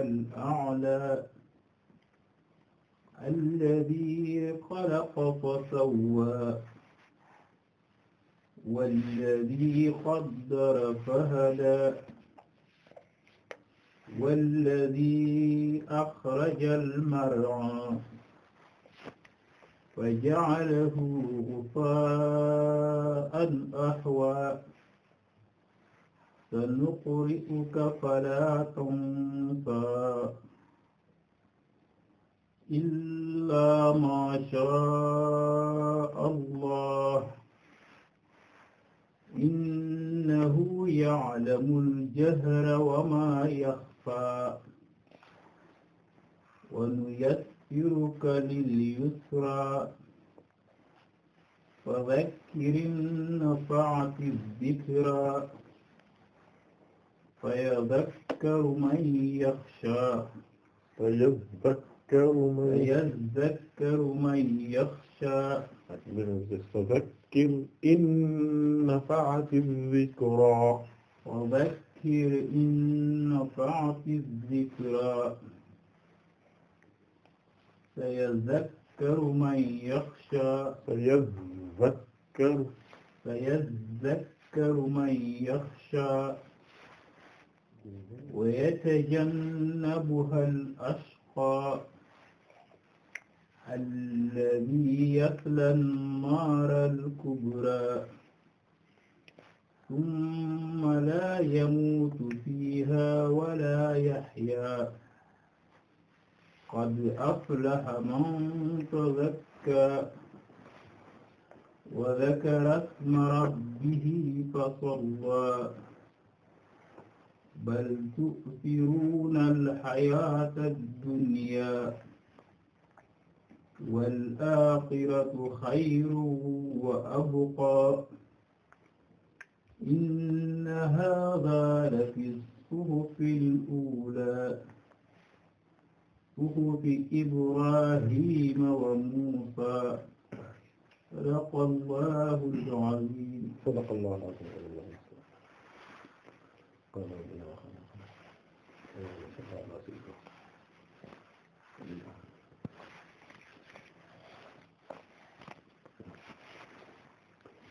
الأعلى الذي خلق فسوى والذي قدر فهدى والذي أخرج المرعى فجعله غفاء أحوى سنقرئك فلا تنسى إلا ما شاء الله إنه يعلم الجهر وما يخفى ونيسرك لليسرى فذكر إن نفعت الذكرى fa yadhakkaru man yakhsha fa yadhakkaru man fa yadhakkaru man yakhsha fazakkir in nafa'ati dhikra wa dhakkir in nafa'ati dhikra sa yadhakkaru man yakhsha sa yadhakkaru sa yadhakkaru man yakhsha wa yatajannabuha al-ashqaa alladhii yaslaa an-naara al-kubraa thumma laa yamuutu fiihaa wa laa yahyaa qad aflaha man tazakkaa wa dhakara isma rabbihi fa sawwaa bal tu'thiruna al-hayata ad-dunya wal-akhiratu khayrun wa abqa inna hadha lafi as-suhufi al-ula suhufi Ibrahima wa Musa sadaqa Allahu al-azim kon loolu dina wax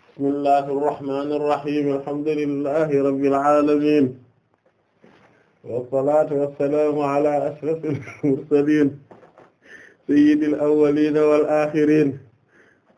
bismillahi irrahmani irrahim alhamdulillahi rabbil alamin wassalatu wassalamu ala ashrafil mursalin sayyidil awwalin wal akhirin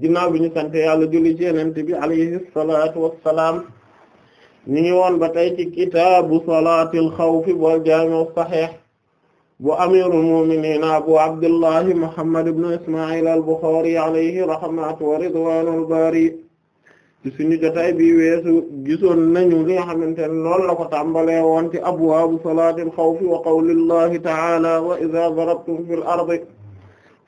ginnaaw bi ñu sant yàlla julli ci yonent bi alayhi salaatu wassalaam ñu ngi woon ba tey ci kitaabu salaatil xawfi wal jaami' saxiix bu amiirul mu'miniin abu abdullahi muhammad ibn isma'il al-Bukhari alayhi rahmatu wa ridwaanul baari ci suñu jotaay bi weesu gisoon nañu li nga xamante ne loolu la ko tàmbalee woon ci abwaabu salaatil xawfi wa wa idhaa darabtum fil ardi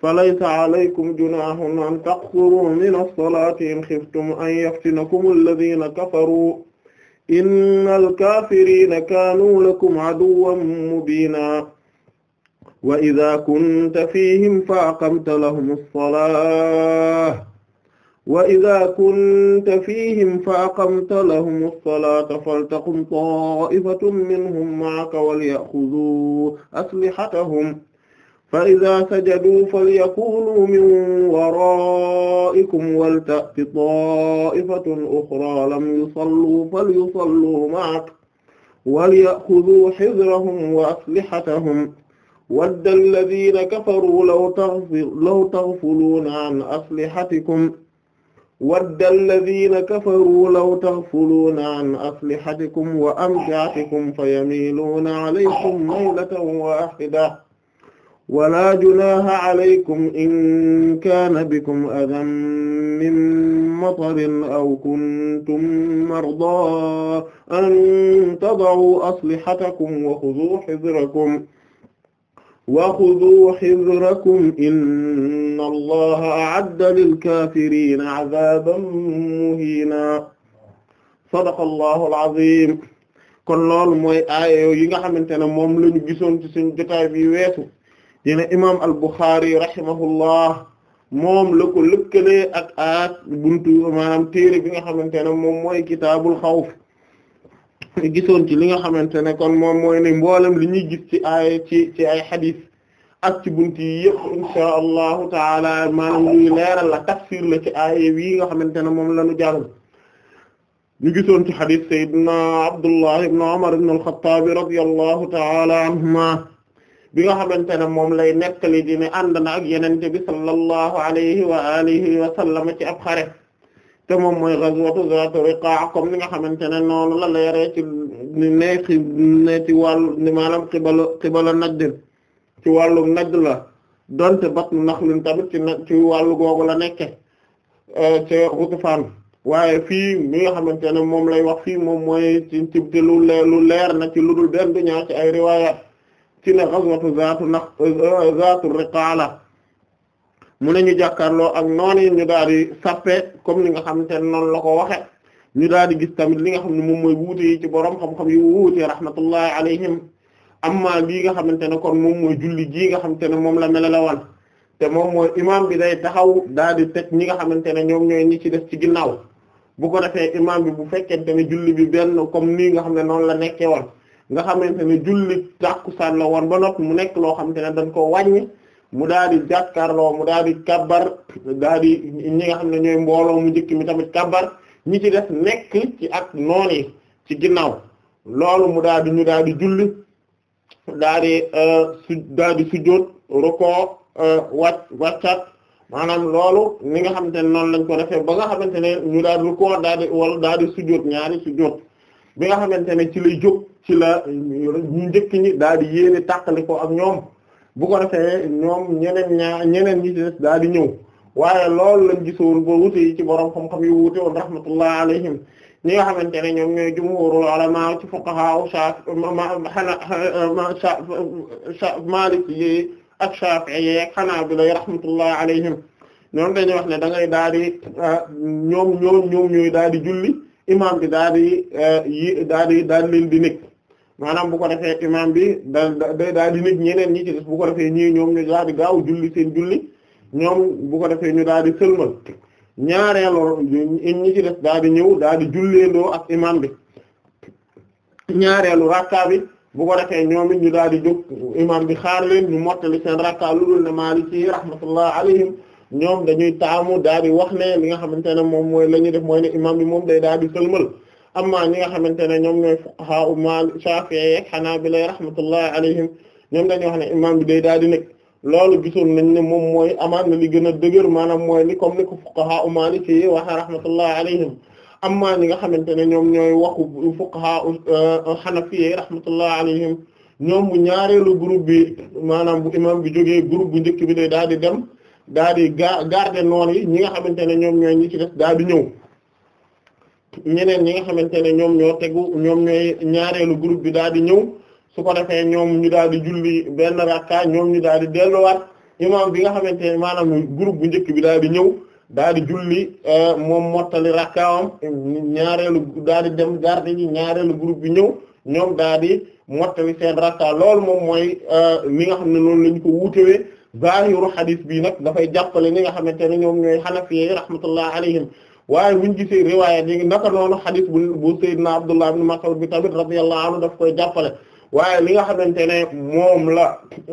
falaysa alaykum junahun an taqsuru min as-salati in khiftum an yaftinakum alladhina kafaru innal kafirina kanu lakum aduwwan mubina wa idha kunta fihim fa aqamta lahum as-salata wa idha kunta fihim fa aqamta lahum as-salata faltaqum ta'ifatun minhum ma'aka walya'khudhu aslihatahum fa iza sajadu falyakunu min waraikum walta'ti ta'ifatun ukhra lam yusallu falyusallu ma'ak walyakhudhu hizrahum wa aslihatahum wadda alladhina kafaru law taghfuluna an aslihatikum wadda alladhina kafaru law taghfuluna an aslihatikum wa amta'atikum fayamiluna alaykum maylatan wahidah wala junaha alaykum in kaana bikum adan min matarin aw kuntum marda an tada'u aslihatakum wa khudhu hizrakum wa khudhu hizrakum inna allaha a'adda lil kaafiriina 'adhaaban muhiina sadaqa allahu al-'aziim kon loolu mooy aaya yi nga xamante ne moom lañu gisoon ci suñu jotaay bi weesu dina imam al-Bukhari rahimahullah moom la ko lëkkalee ak aat buntu maanaam téere bi nga xamante ne moom mooy kitaabul xawf gisoon ci li nga xamante ne kon moom mooy ne mboolam li ñuy gis ci ay ci ci ay xadis ak bunt yi yëpp insha allahu taala maanaam luy leeral la tafsir la ci ay yi nga xamante ne moom la ñu jàll ñu gisoon ci xadis sayyidina Abdullah ibn Umar ibn al-Khattab radiyallahu taala anhuma bi nga xamante ne moom lay nettali dina ne na ak yenente bi sallallahu alayhi wa alihi wa sallam ci ab xare te moom mooy ghazwatu zaatu riqaa comme ni nga xamante ne noonu la leeree ci ne xi ne ci wàllu ni maanaam xibala xibala ci wàllu najd la donte batnu naxlin tamit ci ci wàllu la nekke euh, ci Ghatafaan waaye fii mi nga xamante ne moom lay wax fii moom mooy ci ci lu leer lu leer na ci lu dul benn du ñaar ci ay riwaayaat ci ne ghazwatu zaatu naq euh, zaatu riqaala mu ne ñu jàkkaarloo ak noon yi ñu daal di sappe comme ni nga xamante ne noonu la ko waxe ñu daal di gis tamit li nga xam ne moom mooy wuute yi ci borom xam-xam yu wuute rahmatullahi alayhim amma lii nga xamante ne kon moom mooy julli gii nga xamante ne moom la melale woon te moom mooy imaam bi day taxaw daal di teg ñi nga xamante ne ñoom ñooy ñi ci def ci ginnaaw bu ko defee imaam bi bu fekkente ne julli bi benn comme nii nga xam ne noonu la nekkee woon nga xamante ne julli tàkkusaan la woon ba noppi mu nekk loo xamante ne dañ ko wàññi mu daal di jàkkaarloo mu daal di kabbar di ñi nga xam ne ñooy mbooloo mu njëkk mi tamit kabbar ñi ci def nekk ci ak noon yi ci ginnaaw loolu mu daal di ñu daal di julli daal di euh, su daal di sujjóot rukoo euh, wàcc maanaam loolu ni nga xam ne noonu lañ ko defee ba nga xamante ne ñu daal di rukoo daal di wala daal di sujjóot ñaari sujjóot bi nga xamante ne ci lay jóg ci la euh, ñu njëkk ñi daal di yéene tàqali ko ak ñoom bu ko defee ñoom ñeneen ñaa ñeneen ñi ci des daal di ñëw waaye lool la gisoon ba wute yi ci borom xam-xam yu wuute woon rahmatullah alayhim ñi nga xamante ne ñoom ñooy jumhuurul ulama ci fuqaha Shaafi xana Maalik yi ak Shaafi'i yi ak Hanaabila rahmatullah alayhim ñoom dañuy wax ne dangay ngay daal di ah, ñoom ñooy daal di julli. imaam bi eh, daal di daal di daal leen di nekk maanaam bu ko defee imaam bi da daal di nekk ñi ci des bu ko defee ñii ñoom ñu daal di gaaw julli seen julli ñoom bu ko defee ñu daal di sëlmal ñaareelu ñi ci des daal di ñëw daal di julleendoo ak imaam bi ñaareelu rakka bi bu ko defee ñoom it ñu daal di jóg imaam bi xaar leen ñu mottali seen rakka lu dul ne Maalik ci rahmatullah alayhim ñoom dañuy taamu daal di wax ne li nga xamante ne moom mooy la ñuy def mooy ne imam bi moom day daal di sëlmal amma ñi nga xamante ne ñoom ñooy fuqaha u mal Shafi'i ak Hanabila rahmatullahi alayhim ñoom dañuy wax ne imam bi day daal di nekk loolu gisoon nañ ne moom mooy amaan na li gën a dëgër maanaam mooy ni comme ni ko fuqaha u Maliki waxe rahmatullahi alayhim amma ñi nga xamante ne ñoom ñooy waxu fuqaha euh, Hanafi rahmatullahi alayhim ñaareelu groupe bi maanaam bu bi jógee groupe bu njëkk bi day daal di dem daa di ga garder noon yi ñi nga xamante ne ñoom ñooy ñi ci def daa di ñëw ñeneen ñi nga xamante ne ñoom ñoo tegu ñoom ñooy ñaareelu group bi daa di ñëw su ko defee ñoom ñu daal di julli benn rakka ñoom ñu daal di delluwaat imaam bi nga xamante ne maanaam groupe bu njëkk bi daal di ñëw daal di julli euh, moom mottali rakkaam ñaareelu daal di dem garde ñi ñaareelu groupe bi ñëw ñoom daal di mottali seen rakka loolu moom mooy euh, li nga xam ne noonu lañu ko wuutewee zaahiru xadis bii nag dafay jàppale ñi nga xamante ne ñoom ñooy xanafiye rahmatullah alayhim waaye buñ gisee riwaaya yi naka noonu bu bu Seydina Abdullah ibn Mas'ud bi tamit radiyallahu anhu daf koy jàppale waaye li nga xamante ne moom la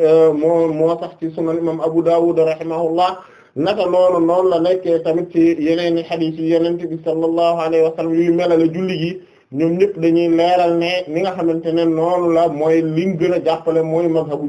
euh, moo moo sax ci sunan imam Abu Dawud rahimahullah naka noonu noonu la tamit ci yeneen i xadis yi yenente bi sallallahu alayhi wa ñëpp dañuy leeral ne li nga xamante ne noonu la mooy liñ gën a jàppale mooy mazhabu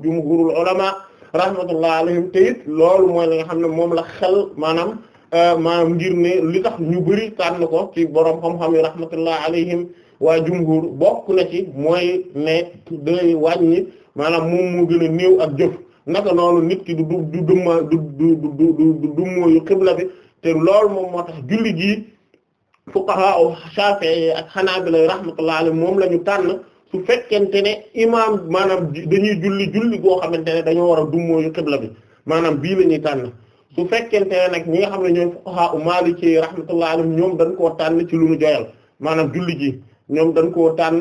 rahmatullah alayhim te it loolu mooy li nga xam ne moom la xel maanaam euh, maanaam ngir ne li tax ñu bari tànn ko ci boroom xam-xam yi rahmatullah alayhim waa jumhur bokk na ci mooy ne day wàññi maanaam moom moo gën a néew ak jëf naka noonu nit ki du du du dumma du xibla bi te loolu moom moo tax julli gii fuqaha u Shafi'i ak Hanabila rahmatullah alayhim moom la ñu tànn su fekkente ne imaam maanaam dañuy julli julli goo xamante ne dañoo war a dummóoyu xibla bi maanaam bii la ñuy tànn su fekkente ne nag ñi nga xam ne ñooy fuqaha u Maliki rahmatullahi alayhim ñoom dañ koo tànn ci lu nu joyal maanaam julli gi ñoom dañ koo tànn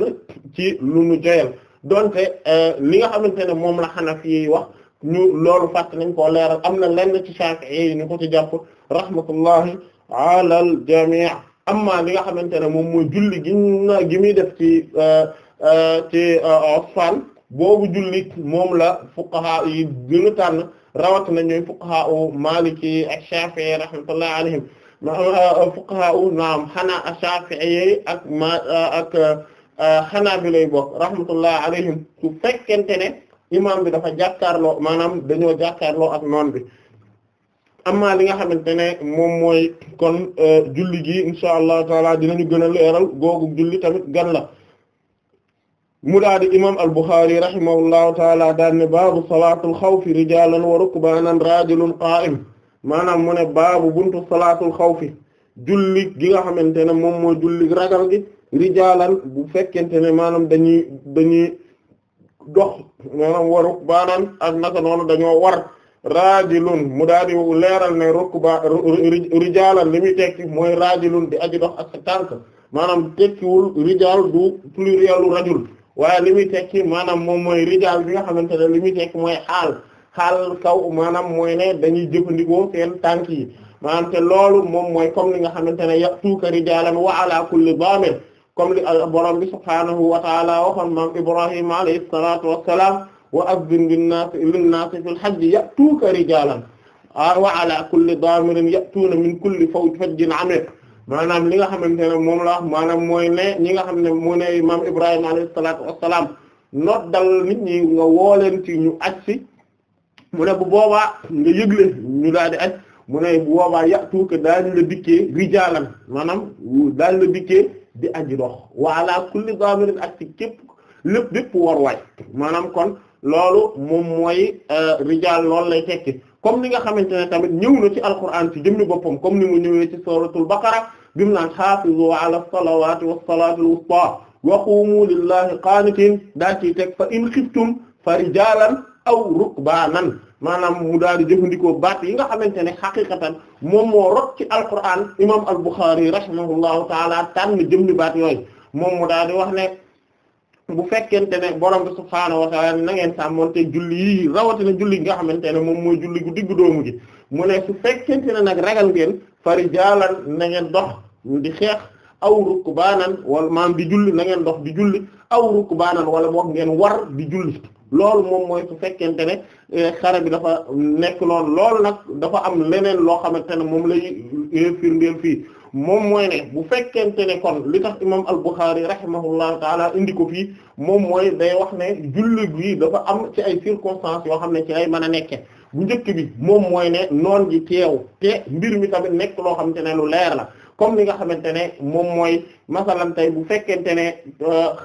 ci lu nu joyal donte euh, li nga xamante ne moom la Hanafi yi wax ñu loolu fàtt nañ ko leeral am na lenn ci Shafi'i yi ñu ko ci jàpp rahmatullahi ala al jami' amma li nga xamante ne moom mooy julli gi gi muy def ci euh, ci euh, Usfaan boobu jullit moom la fuqaha yi gën a tànn rawatina ñooy fuqaha u Maliki ak Shafi'i rahmatullahi alayhim euh, fuqaha u naam xanaa ak Shafi'i ak ma euh, ak Hanabila lay bokk rahmatullahi alayhim su fekkente ne imaam bi dafa jàkkaarloo maanaam dañoo jàkkaarloo ak noon bi amma li nga xamante ne moom mooy kon julli gi insha allah taala dinañu gën a leeral googu julli tamit gan la mu daal di imaam al-Bukhari rahimahullahu taala daan ne baabu salaatul xawfi rijaalan wa rukbaanan rajulun qaa'im maanaam mu ne baabu buntu salaatul xawfi julli gi nga xamante ne moom mooy julli ragal gi rijaalan bu fekkente ne maanaam dañuy dañuy dox maanaam wa rukbaanan ak naka noonu dañoo war rajulun mu daal di leeral ne rukba rijaalan li muy tekki mooy rajulun di aji dox ak sa tànk maanaam tekkiwul rijaal du plurielu rajul waa li muy tekki maanaam moom mooy rijaal bi nga xamante ne li muy tekki mooy xaal xaal kaw maanaam mooy ne dañuy jëfandikoo seen tànk yi maanaam te loolu moom mooy comme li nga xamante ne ya'tuuka rijaalan wa ala kulli daamir comme li borom bi subhaanahu wa taala waxoon maam Ibrahima alayhi salaatu wa salaam wa azzin linnaasi linnaasi fil hajji ya'tuuka rijaalan wa ala kulli daamirin ya'tuuna min kulli fawjin 'amiiq maanaam li nga xam ne moom la wax mooy ne ñi nga xam ne mu ne imaam Ibrahima alayhi salaatu wassalaam noddal nit ñi nga woo leen ci ñu aj si mu bu boobaa nga yëgle ñu daal di aj mu ne bu boobaa yàtuuka daal la dikkee rijaalan maanaam daañu la dikkee di aji dox wala kulli daamirin ak ci képp lépp bépp war waay maanaam kon loolu moom mooy euh, rijaal loolu lay tekki comme ni nga xamante ne tamit ñëw na ci alquran ci jëmmi boppam comme ni mu ñëwee ci suratul baqara bi mu naan xaafizu ala salawati wasalaatil wusta wa qumu lillahi qaanitin daa ciy teg fa in xiftum fa rijalan aw rukbaanan maanaam mu daal di jëfandikoo baat yi nga xamante ne xaqiqatan moom moo rot ci alquran imam al Bukhari rahimahullahu taala tànn baat yooy moom mu daal wax ne bu fekkente ne borom bi subhaanahu wa ta'ala na ngeen sàmmonte julli yi rawatina julli gi nga xamante ne moom mooy julli gu diggu doomu gi mu ne su fekkente ne nag ragal ngeen fa jaalan nangeen ngeen dox di xeex aw rukbaanan wala maam di julli na ngeen dox di julli aw rukbaanan wala boog ngeen war di julli loolu moom mooy su fekkente ne eh, xare bi dafa nekk loolu loolu nag dafa am leneen loo xamante ne moom lay eh, firndeel fii moom mooy ne bu fekkente ne kon li tax imam al-Bukhari rahimahullahu taala indi ko fii moom mooy day wax ne julli gi dafa am ci ay circonstances yoo xam ne ci ay man a nekke bu njëkk bi moom mooy ne noon ji teew te mbir mi tamit nekk loo xamante ne lu leer la comme ni nga xamante ne moom mooy masalan tey bu fekkente ne euh,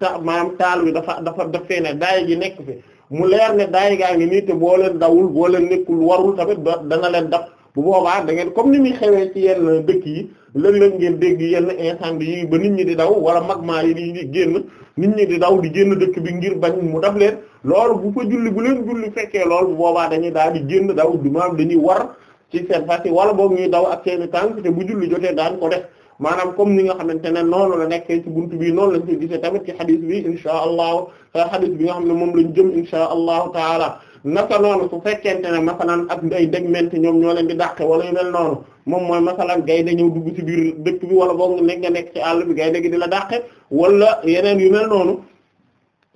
xar maanaam taal wi dafa dafa daf ne daay gi nekk fi mu leer ne daay gaa ngi nii te boo leen dawul boo leen nekkul warul tamit danga leen dab bu boobaa da ngeen comme ni muy xewee ci yenn dëkk yi léeg-léeg ngeen dégg yenn incendie yi ba nit ñi di daw wala magma yi di génn nit ñi di daw di génn dëkk bi ngir bañ mu daf leen loolu bu fa julli bu leen julli fekkee loolu bu boobaa dañuy daal di génn daw du maam dañuy war ci seen fas yi wala boog ñuy daw ak seen i tànk te bu julli jotee daan ko def maanaam comme ni nga xamante ne noonu la nekkee ci bunt bi noonu lañ koy gisee tamit ci xadis bi inshaa allahu xadis bi nga xam ne moom lañ jëm inshaa allahu taala naka noonu su fekkente ne masalan ak ay ndegmente ñoom ñoo leen di dàqe wala yu mel noonu moom mooy masalan gaynde ñëw dugg ci biir dëkk bi wala boo nekk nga nekk ci àll bi gaynde gi di la dàqe wala yeneen yu mel noonu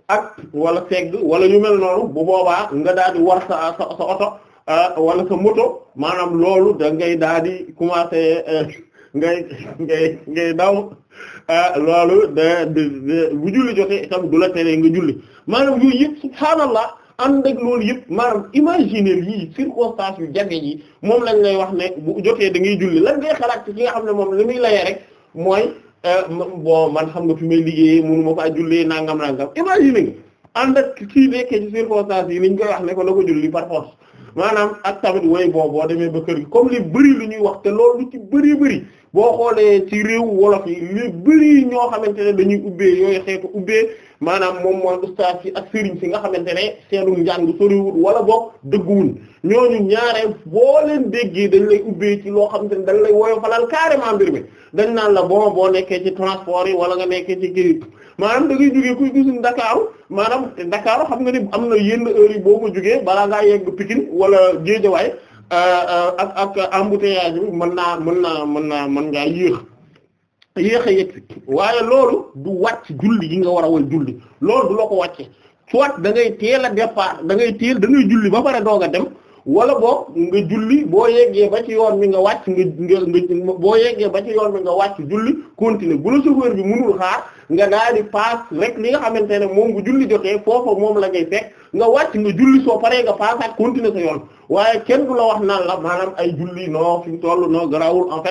ak wala segg wala yu mel noonu bu boobaa nga daal di war sa sa oto ah, wala sa moto maanaam loolu da ngay daal di commencer eh, ngay ngay ngay daw ah, loolu da bu julli jote itam du la nga julli maanaam yooyu yëpp subhaanallah ànd ak loolu yëpp maanaam imaginer lii circonstance yu jafe yi moom lañ lay wax ne bu jotee da ngay julli lan ngay xalaat ci ki nga xam ne moom li muy layee rek mooy euh, bon man xam nga fi may liggéeyee mënu ma faa nangam nangam imaginer nga ànd ak kii nekkee ci circonstance yi liñ koy wax ne ko ko julli par force maanaam ak tamit way boo boo demee ba kër gi comme li bëri lu ñuy wax te loolu ci bëri bëri boo xoolee ci réew wolof yi li bëri ñoo xamante ne dañuy ubbee yooyu xeetu ubbee maanaam moom mooy ustaas yi ak sëriñ si nga xamante ne seenu njàng soriwul wala boog dëgguwul ñooñu ñaaree boo leen déggee dañ lay ubbee ci loo xamante ne dañ lay woyofalal carrément mbir mi dañ naan la bon boo nekkee ci transport yi wala nga nekkee ci kii maanaam da ngay jógee kuy gisuñ Dakar maanaam Dakar xam nga ni am na yenn heure boo ko jógee balaa ngaa yegg Pikine wala Guédiawaye euh, euh, ak ak embouteillage bi mën naa mën naa mën naa mën ngaa yéex. yéex a yegg waaye loolu du wàcc julli gi nga war a woy julli loolu du la ko wàcce soit da ngay teel a départ da ngay teel da ngay julli ba pare doog a dem wala boog nga julli boo yeggee ba ci yoon bi nga wàcc nga nga boo yeggee ba ci yoon bi nga wàcc julli continuer bu la chauffeur bi mënul xaar nga daal di paas rek li nga xamante ne moom bu julli jotee foofa moom la ngay fekk nga wàcc nga julli soo paree nga paasaat continuer sa yoon waaye kenn du la wax naan la maanaam ay julli non fi mu toll non garawul en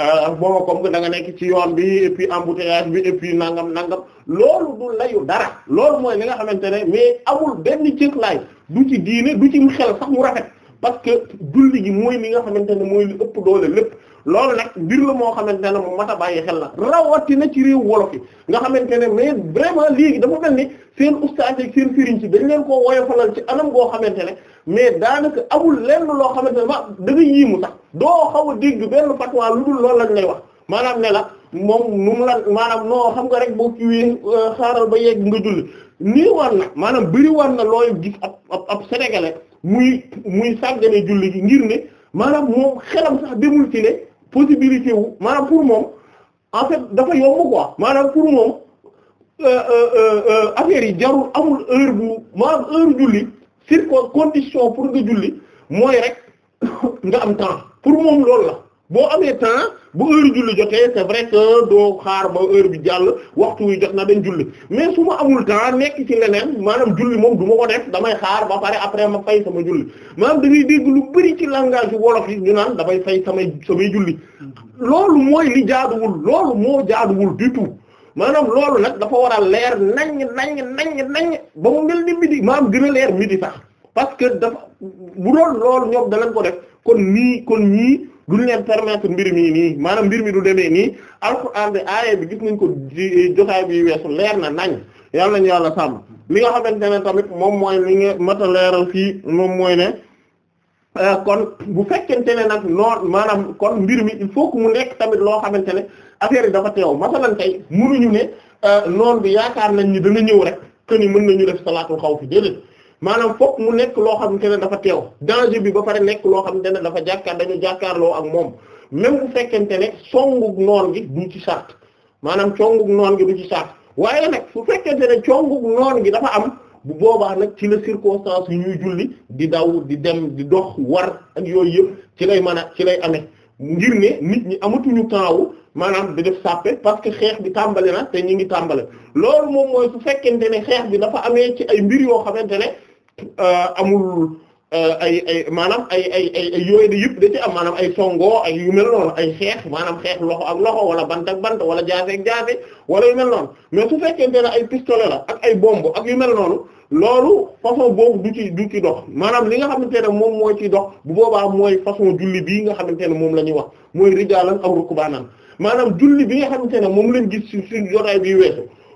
Euh, booba comme que da nga nekk ci yoon bi et puis embouteillage bi et puis nangam nangam loolu du layu dara lool mooy li nga xamante ne mais amul benn cëslaay du ci diine du ci xel sax mu rafet parce que julli gi mooy li nga xamante ne mooy li ëpp doole lépp loolu nag mbir la moo xamante ne moom mat a bàyyi xel la rawatina ci réew wolof yi nga xamante ne mais vraiment léegi dafa mel ni seen ustaas ak seen firiñ ci dañ leen koo woyofalal ci anam goo xamante ne mais daanaka amul lenn loo xamante ne ma da nga yiimu sax doo xaw a dégg benn fatwa lu dul loolu lañ lay wax maanaam ne la moom nu mu la maanaam noo xam nga rek boo kiiwee euh, xaaral ba yegg nga julli nii waan na maanaam bëri waan na looy gis ab ab ab muy muy sàggane julli gi ngir ne maanaam moom xelam sax demul possibilité wu maanaam pour moom en fait dafa yomb quoi maanaam pour moom euh, euh, euh, affaire yi jarul amul heure bu maanaam heure julli circo condition pour nga julli moy rek nga am temps pour moom loolu la boo amee temps bu heure julli jotee c'est que doo xaar ba heure bi jàll waxtu wi jot na dañ julli mais su ma amul temps nekk ci leneen maanaam julli moom du ma ko def damay xaar ba pare après ma fay sama julli maanaam da ngay dégg lu bari ci langage wolof yi ñu naan damay fay samay samay julli loolu mooy li jaaduwul loolu moo jaaduwul du tout maanaam loolu nag dafa war a leer nañ nañ nañ nañ ba mu mel ni midi maanaam gën a leer midi sax parce que dafa bu doon loolu ñoom danañ ko def kon nii kon ñii duñ leen permettre mbir mii nii maanaam mbir mi du demee nii alxuraan bi aaya bi gis nañ ko jotaay bi weesu leer na nañ yàlla nañu yàlla sàmm li nga xamante ne tamit moom mooy li nga mat a fii moom mooy ne euh, kon bu fekkente ne nag noon maanaam kon mbir mi il faut que mu nekk tamit loo xamante ne affaire dafa teew masalan tey ñu ne euh, noon bi yaakaar nañ ni dana ñëw rek que ni mën nañu def salaatul xawf déedéet maanaam fokk mu nekk loo xamante ne dafa teew danger bi ba pare nekk loo xamante ne dafa jàkkaar dañu jàkkaarloo ak moom même bu fekkente ne songug noon gi du ci sart maanaam congug noon gi du ci sart waaye nag su fekkente ne congug noon gi dafa am bu boobaa nag ci la circonstance yu ñuy julli di daw di dem di dox war ak yooyu yëpp ci lay mën a ci lay amee ngir ne nit ñi amatuñu taawu maanaam di def sàppe parce que xeex bi tàmbali na te ñu ngi tàmbale loolu moom mooy su fekkente ne xeex bi dafa amee ci ay mbir yoo xamante ne Euh, amul euh, ay ay maanaam ay ay ay de yëpp da ci am maanaam ay songo ay yu mel noonu ay xeex maanaam xeex loxo ak loxo wala bant ak bant wala jaase ak jaase wala yu mel noonu mais su fekkente ne ay pistolet la ak ay bomb ak yu mel noonu loolu façon boobu du ci du ci dox maanaam li nga xamante ne moom mooy ci dox bu boobaa mooy façon julli bii nga xamante ne moom la ñuy wax mooy rijaalan aw rukbaanan maanaam julli bi nga xamante ne moom lañ gis ci suñu jotaay bi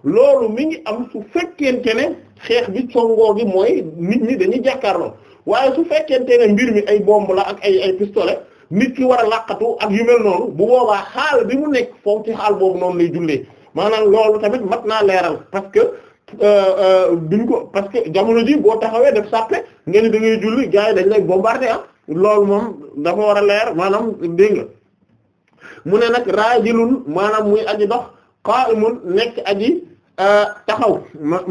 loolu mi ngi am su fekkente ne. xeex bi congoo gi mooy nit ñi dañuy jàkkaarloo waaye su fekkente ne mbir mi ay bomb la ak ay ay pistolet nit ki war a laqatu ak yu noonu bu boobaa xaal bi mu nekk foofu ci xaal boobu noonu lay jullee maanaam loolu tamit mat naa leeral parce que euh, euh, duñ ko parce que jamono ji boo taxawee def sàppe nga ni da ngay julli gars yi dañ lay bombarder ah loolu moom dafa war a leer maanaam dégg nga mu ne nag raajilun maanaam muy aji dox qaa'imun nekk aji Euh, taxaw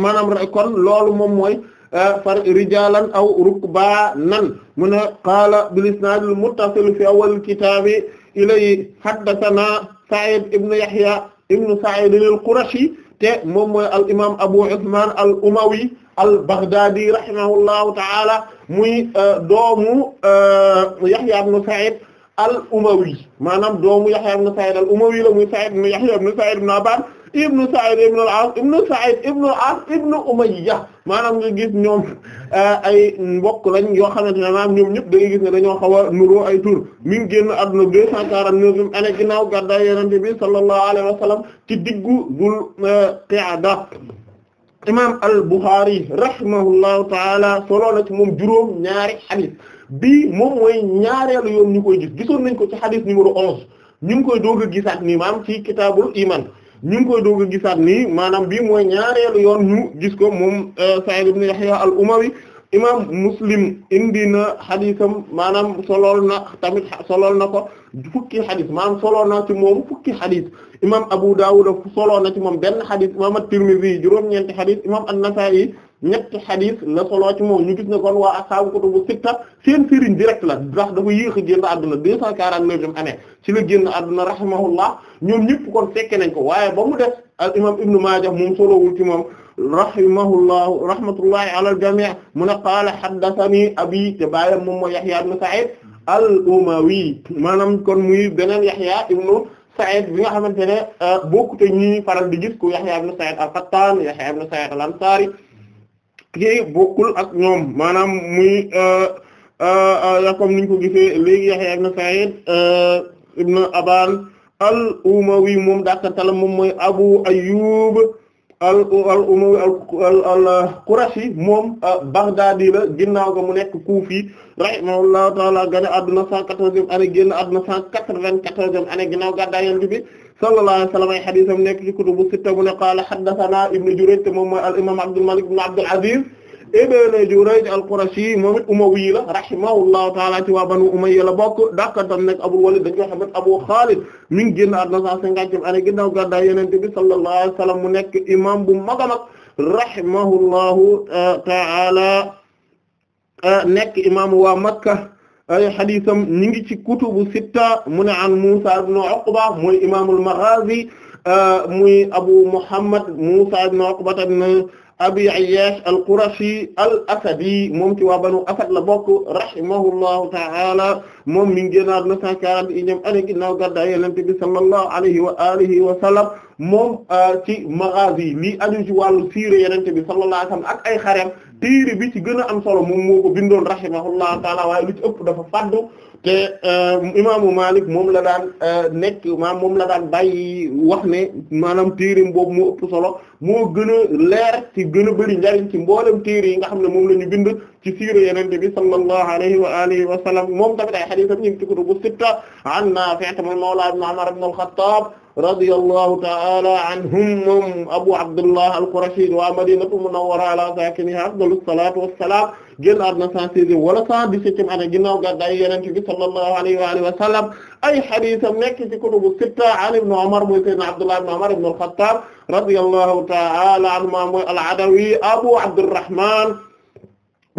maanaam kon loolu moom mooy euh, far rijalan aw rukbanan mu ne qaala bil isnaad al muttasil fi awwal kitaabi ilay haddathana Sa'id ibn Yahya ibn Sa'id al Qurashi te moom mooy al imaam Abu Usman al Umawi al Baghdadi rahimahullahu ta'ala muy euh, doomu Yahya ibn Sa'id al Umawi maanaam doomu Yahya ibn Sa'id al Umawi la muy Sa'id ibn Yahya ibn Sa'id ibn Aban ibnu Sa'id ibnu al-As ibnu Sa'id ibnu al-As ibnu Umayya maanaam nga gis ñoom eh, ay mbokk lañ yoo xamante ne maanaam ñoom ñëpp da ngay gis ne dañoo xaw a nuroo ay tur mi ngi génn àdduna deux cent quarante-neuvième année ginnaaw gàddaay Yonent bi sallallahu alayhi wa sallam ci diggu Dul eh, Qi'da imaam al-Bukhari rahimahullahu taala soloo na ci moom juróom ñaari xadis bii moom mooy ñaareelu yoon ñu koy gis gisoon nañ ko ci xadis numéro onze ñu ngi koy doog a gisaat nii maam ci kitaabul iman ñu ko koy doog a gisaat nii maanaam bii mooy ñaareelu yoon ñu gis ko moom euh, Sa'id ibn Yahya al-Umawi imam Muslim indi na xadisam maanaam solool na tamit solool na ko fukki xadis maanaam solool na ci moom fukki xadis imam Abu Dawud solool na ci moom benn xadis imam at-Tirmidhi juróom-ñeenti xadis imam an-Nasa'i ñetti xadis la solo ci moom ñu gis ne kon waa ashaabu kutubu sitta seen sëriñ direct la ndax dafa yéex a génn àdduna deux cent quarante-neuvième année ci la génn àdduna rahimahullah ñoom ñëpp kon fekke nañ ko waaye ba mu def al imam ibnu Maajah moom solowul ci moom rahimahullahu rahmatullahi ala al jamii mu ne qaala haddathani abi te bàyyam moom mooy Yahya ibnu Sa'id al umawi maanaam kon muy beneen Yahya ibnu Sa'id bi nga xamante ne euh, bokkute ñi faral di gis ku Yahya ibnu Sa'id al-Qattan Yahya ibnu Sa'id al-Ansari kii bokkul ak ñoom maanaam muy euh, euh, euh, comme niñ ko gi gisee léegi Yahya ibn Sa'id ibn Aban al-Umawi moom dakantalam moom mooy Abu Ayyub al al umawi al al qurashi moom baghdadi la ginnaaw ga mu nekk kuufi rahimahullahu taala gane adduna cent quatorzième année génn adduna cent quatre-vingt-quatorzième année ginnaaw gàddaay Yonent bi sallallahu alayhi wa sallam ay xadisam nekk ci kutubu sitta mu ne qaala haddathana ibnu Jurayj te moom mooy al imam Abdul Malik ibn Abdul Aziz ibn Jurayj al-Qurashi moom it umawi la rahimahullahu ta'ala ci waa Banu Umayya la bokk dakkantam nekk Abul Walid dañ koy xam ne Abu Khalid mi ngi génn àdduna 150 année ginnaaw gàddaay Yonent bi sallallahu alayhi wa sallam mu nekk imam bu mag a mag rahimahullahu ta'ala nekk imam waa Makka ay xadisam ñi ngi ci kutubu sitta mu ne an Musa ibn Uqba mooy imaamul Maghazi euh, muy Abu Muhammad Musa ibn Uqba ibn Abi Ayyash al-Qurashi al-Asadi moom ci waa Banu Asad la bokk rahimahullahu ta'ala moom mi ngi génnaat neuf cent quarante et unième année ginnaaw gàddaay Yonent bi sallallahu alayhi wa alihi wa sallam moom euh, ci Maghazi lii aju ci wàllu siire Yonent bi sallallahu alayhi wa sallam ak ay xareem téere bi ci gën a am solo moom moo ko bindoon rahimahullahu taala waaye lu ci ëpp dafa faddu te euh, imaamu Malik moom la daan euh, nekk maam moom la daan bàyyi wax ne maanaam téereem boobu mu ëpp solo moo gën a leer ci gën a bari njariñ ci mboolem téere yi nga xam ne moom la ñu bind ci siira yenente bi sallallahu alayhi wa alihi wa sallam moom tamit ay hadiisam ñu ngi ci kutubu a an Naafi' mawla ibn Umar ibn al-Khattab radiyallahu ta'ala anhum moom Abu Abdullah al-Qurashi wa Madinatu Munawwara ala sakiniha afdalu salaatu wa salaam génn àdduna 116 wala 117 at ginnaaw gàddaay Yonent bi sallallahu alayhi wa alihi wa sallam ay hadiisam nekk ci kutubu sitta an Ibn Umar mooy Sayyidina Abdullah ibn Umar ibn al-Khattab radiyallahu ta'ala anhuma mooy al-Adawi Abu Abdurrahman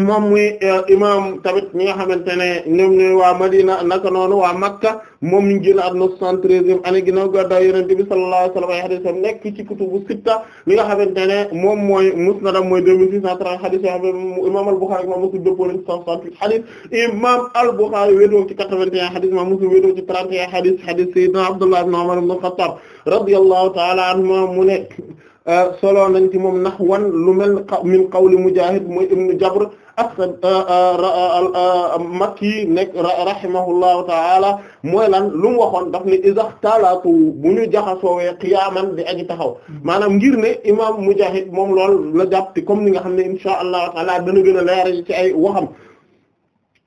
moom muy eh, imam tamit ñi nga xamante ne ñoom ñooy waa Madina naka noonu waa Makka moom ñu génn at 913e année ginnaaw gàddaay Yonent bi sallallahu alayhi wa sallam ay hadiisam nekk ci kutubu sitta li nga xamante ne moom mooy musnadam mooy 2630 hadiis yoo xam ne imam al-Bukhari imam Muslim dëppoo nañ ci 168 hadiis imam al-Bukhari wéetoo ci 81 hadiis imam Muslim wéetoo ci 31 hadiis hadiis Sayyidina Abdullah ibn Umar ibn al-Khattab radiyallahu ta'ala anhuma mu ne Euh, solo nañ ci moom nax wan lu mel min qawli Mujaahid mooy ibnu Jabr ak euh, euh, Makki nekk rahimahullahu taala mooy lan lu mu waxoon daf ni izaxtalaatu bu ñu jaxasoowee qiyaaman di aji taxaw maanaam ngir ne imaam Mujaahid moom lool la jàpti comme ni nga xam ne insha allahu taala dana gën a leer ci ay waxam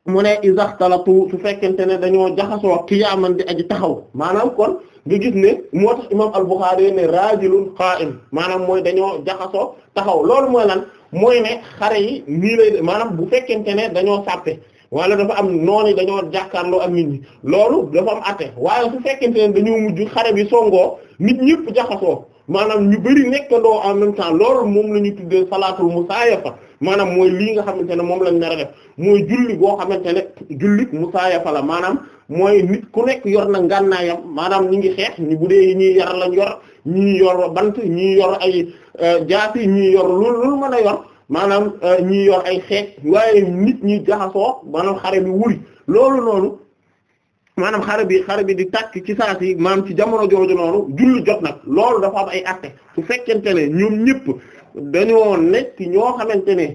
mu ne izaxtalatu su fekkente ne dañoo jaxasoo qiyaaman di aji taxaw maanaam kon nga gis ne moo tax imam al-Bukhari ne rajulun qa'im maanaam mooy dañoo jaxasoo taxaw loolu mooy lan mooy ne xare yi nii lay maanaam bu fekkente ne dañoo sàppe wala dafa am noonu dañoo jàkkaarloo ak nit ñi loolu dafa am atte waaye su fekkente ne dañoo mujj xare bi songoo nit ñëpp jaxasoo maanaam ñu bari nekkandoo en même temps loolu moom la ñu tuddee salaatul musaayafa maanaam mooy lii nga xamante ne moom lañ nar a def mooy julli goo xamante ne jullit musaayafa la maanaam mooy nit ku nekk yor na ngànnaayam maanaam ñi ngi xeex ñi bu dee ñii yar lañ yor ñii yor bant ñii yor ay euh, jaasi ñii yor loolu loolu mën a yor maanaam euh, ñii yor ay xeex waaye nit ñi jaxasoo maanaam xare bi wuri loolu noonu maanaam xare bi xare bi di tàkk ci saa si maanaam ci jamono jooju noonu julli jot nag loolu dafa am ay atte su fekkente ne ñoom ñëpp dañoo nekk ñoo xamante ne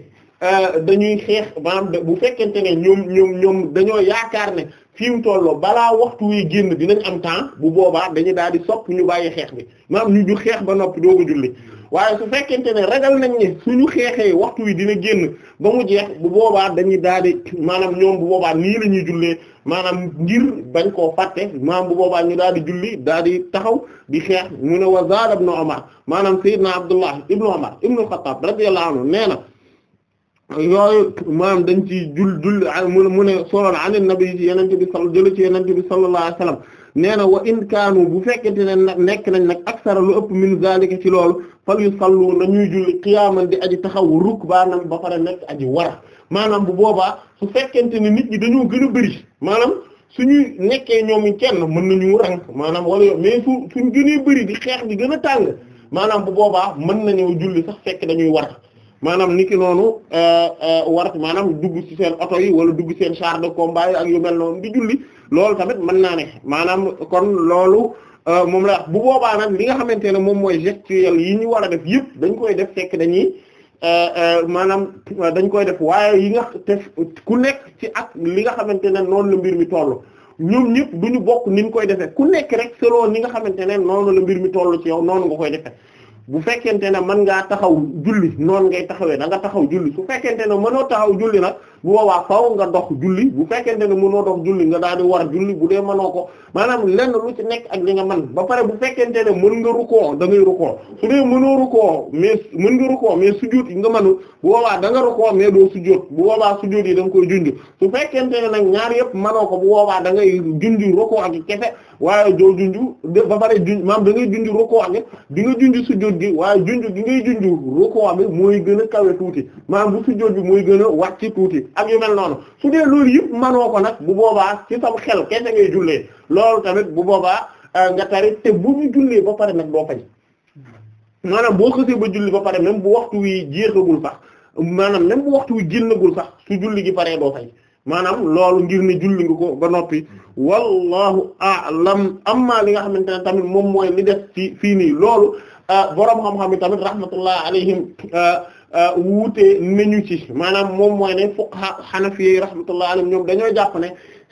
euh, dañuy xeex maanaam bu fekkente ne ñoom ñoom ñoom dañoo yaakaar ne fi mu tolloo balaa waxtu wi génn dinañ am temps bu boobaa dañu daal di sopp ñu bàyyi xeex bi maanaam ñu ju xeex ba noppi dooga julli waaye su fekkente ne ragal nañ ne suñu xeexee waxtu wi dina génn ba mu jeex bu boobaa dañuy daal di maanaam ñoom bu boobaa nii la ñuy jullee maanaam ngir bañ koo fàtte maanaam bu boobaa ñu daal di julli daal di taxaw di xeex mu ne wa zaada ibnu Umar maanaam sayyidna Abdullah ibnu Umar ibnu Xattaab radiyallahu anhu nee na yooyu maanaam dañ ci jul jul mu ne soloon anin nabi ci yenente bi sal jële ci yenente bi sallallahu alayhi wasallam nee na wa in kaanu bu fekkente ne nag nekk nañ nag aksara lu ëpp min zalika ci loolu fal yu sallu nañuy julli qiyaaman di aji taxaw rukbaanan ba pare nekk aji wara maanaam bu boobaa su fekkente ne nit ñi dañoo gën a bëri maanaam suñuy nekkee ñoom kenn mën nañu rang maanaam wala yo mais su suñ gënee bëri di xeex di gën a tàng maanaam bu boobaa mën nañu julli sax fekk dañuy war maanaam niki noonu euh, euh, warat maanaam dugg ci seen oto yi wala dugg seen char de combat yi ak yu mel noonu di julli loolu tamit mën naa ne maanaam kon loolu euh, moom la wax bu boobaa nag li nga xamante ne moom mooy gestuelle yi ñu war a def yëpp dañ koy def fekk dañuy maanaam dañ koy def waaye yi nga def ku nekk ci ak li nga xamante ne noonu la mbir mi toll ñum ñëpp du ñu bokk ni ñu koy defee ku nekk rek selon ni nga xamante ne noonu la mbir mi toll ci yow noonu nga koy defee bu fekkente ne mën ngaa taxaw julli noon ngay taxawee da nga taxaw julli su fekkente ne mënoo taxaw julli nag bu boobaa faaw nga dox julli bu fekkente ne mënoo dox julli nga daal di war julli bu dee mënoo ko maanaam lenn lu ci nekk ak li nga man ba pare bu fekkente ne mën nga rukkoo da ngay rukkoo su mënoo rukkoo mais mën nga rukkoo mais sujjóot yi nga mënul bu boobaa da nga rukkoo mais doo sujjóot bu boobaa sujjóot yi da nga koy junj su fekkente ne ñaar yëpp mënoo ko bu boobaa da ngay junj rukkoo ak kese waaye doo junj ba pare junj maam da ngay junj rukkoo ak di nga junj sujjóot gi waaye junj gi ngay junj rukkoo bi mooy gën a kawe tuuti maanaam bu sujjóot bi mooy gën a wàcc tuuti ak yu noonu su dee loolu yëpp manoo ko nag bu boobaa ci sam xel kese ngay jullee loolu tamit bu boobaa euh, nga tari te bu ñu jullee ba pare nag doo fay maanaam boo xësee ba julli ba pare même bu waxtu wi jeexagul sax maanaam même bu waxtu wi génnagul sax su julli gi pare doo fay maanaam loolu ngir ne julli nga ko ba noppi wallahu a'lam amma li nga xamante ne tamit moom mooy li def ci fii nii loolu euh, boroom xam-xam yi tamit rahmatullah alayhim euh, Euh, wuute nañu ci maanaam moom mooy ne fuqaha hanafiyyi rahmatullahi alayhim ñoom dañoo jàpp ne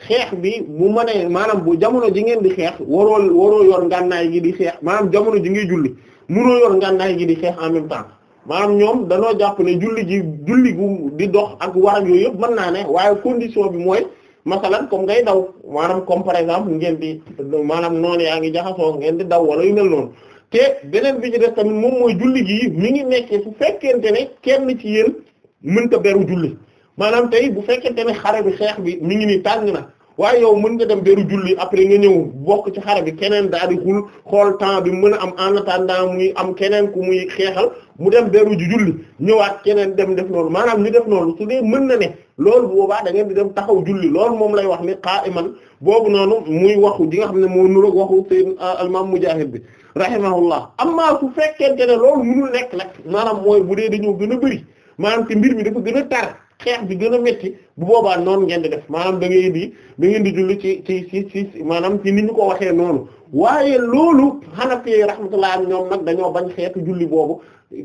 xeex bi mu mënee maanaam bu jamono ji ngeen di xeex waroo waroo yor ngànnaay gi di xeex maanaam jamono ji ngay julli munoo yor ngànnaay gi di xeex en même temps maanaam ñoom dañoo jàpp ne julli ji julli gu di dox ak waram yooyu yëpp mën naa ne waaye condition bi mooy masalan comme ngay daw maanaam comme par exemple ngeen di maanaam noon yaa ngi jaxasoo ngeen di daw wala yu mel noonu te beneen bi ci def tamit moom mooy julli gii mi ngi nekkee su fekkente ne kenn ci yéen mënta beru julli maanaam tey bu fekkente ne xare bi xeex bi mi ngi nii tàng na waaye yow mën nga dem beru julli après nga ñëw bokk ci xare bi keneen daal di xul xool temps bi mën a am en attendant muy am keneen ku muy xeexal mu dem beru ju julli ñëwaat keneen dem def noonu maanaam ñu def noonu su dee mën na ne loolu boobaa da ngeen di dem taxaw julli loolu moom lay wax ni qa'iman boobu noonu muy waxu ji nga xam ne moo nuroog waxu seen al-imam Mujahid bi rahimahullah amma su fekkente ne loolu mënul nekk nag maanaam mooy bu dee dañoo gën a bëri maanaam te mbir mi dafa gën a tar xeex bi gën a métti bu boobaa noonu ngeen di def maanaam da ngay di da ngeen di julli ci ci ci ci maanaam ni ñu ko waxee noonu waaye loolu Hanafi rahmatullah ñoom nag dañoo bañ xeetu julli boobu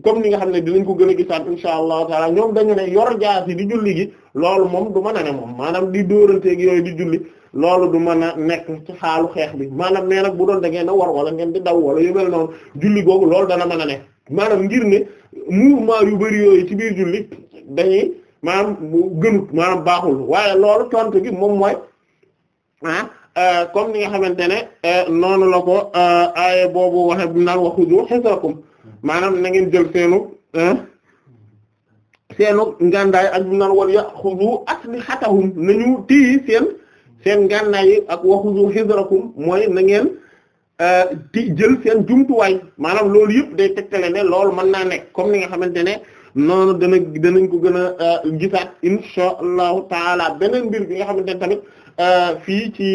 comme ni nga xam ne dinañ ko gën a gisaat insha allahu taala ñoom dañu ne yor jaasi di julli gi loolu moom du mën a ne moom maanaam di dóoranteeg yooyu di julli loolu du mën a nekk ci xaalu xeex bi maanaam nee nag bu doon da ngeen war wala ngeen di daw wala yu mel noonu julli googu loolu dana mën ne nekk ngir ne mouvement yu bari yooyu ci biir julli dañuy maanaam gënut maanaam baaxul waaye loolu tontu gi moom mooy ah euh, comme ni nga xamante ne euh, noonu la ko euh, aaye boobu waxe naan waxudu xesrakum maanaam na ngeen jël seenu seenu ngandaay ak bu naan wal yaxudu aslixatahum nañu téyi seen seen ngànnaay yi ak waxuzu xisrakum mooy na ngeen euh, di jël seen jumtuwaay maanaam loolu yëpp day tegtale ne loolu mën naa ne comme ni nga xamante ne noonu dana danañ ko gën a euh, gisaat insha allahu taala beneen mbir bi nga xamante ne tamit euh, fii ci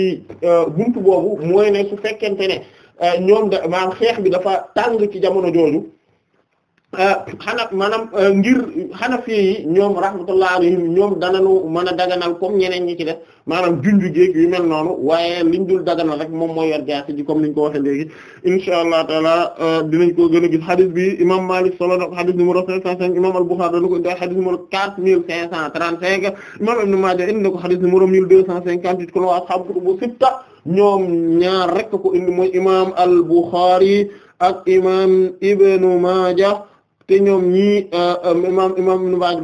buntu boobu mooy ne su fekkente ne ñoom da maanaam xeex bi dafa tàng ci jamono jooju Euh, xanaa maanaam euh, ngir Hanafi yi ñoom rahmatullah alayhim ñoom dananu mën a daganal comme ñeneen ñi ci def maanaam junj géeg yu mel noonu waaye liñ dul daganal rek moom mooy yor jaasi ji comme niñ ko waxee léegi insha allah taala euh, dinañ ko gën a gis hadith bi imam Malik solo na ko hadith numéro 505 imam Al-Bukhari dana ko indi hadith numéro 4535 imam Ibn Majah indi na ko hadith numéro 1258 kon waa ashaabu kutubu sitta ñoom ñaar rek ko indi mooy imam Al-Bukhari ak imam Ibn Majah te ñoom ñii imaam imaam Ibn Maaja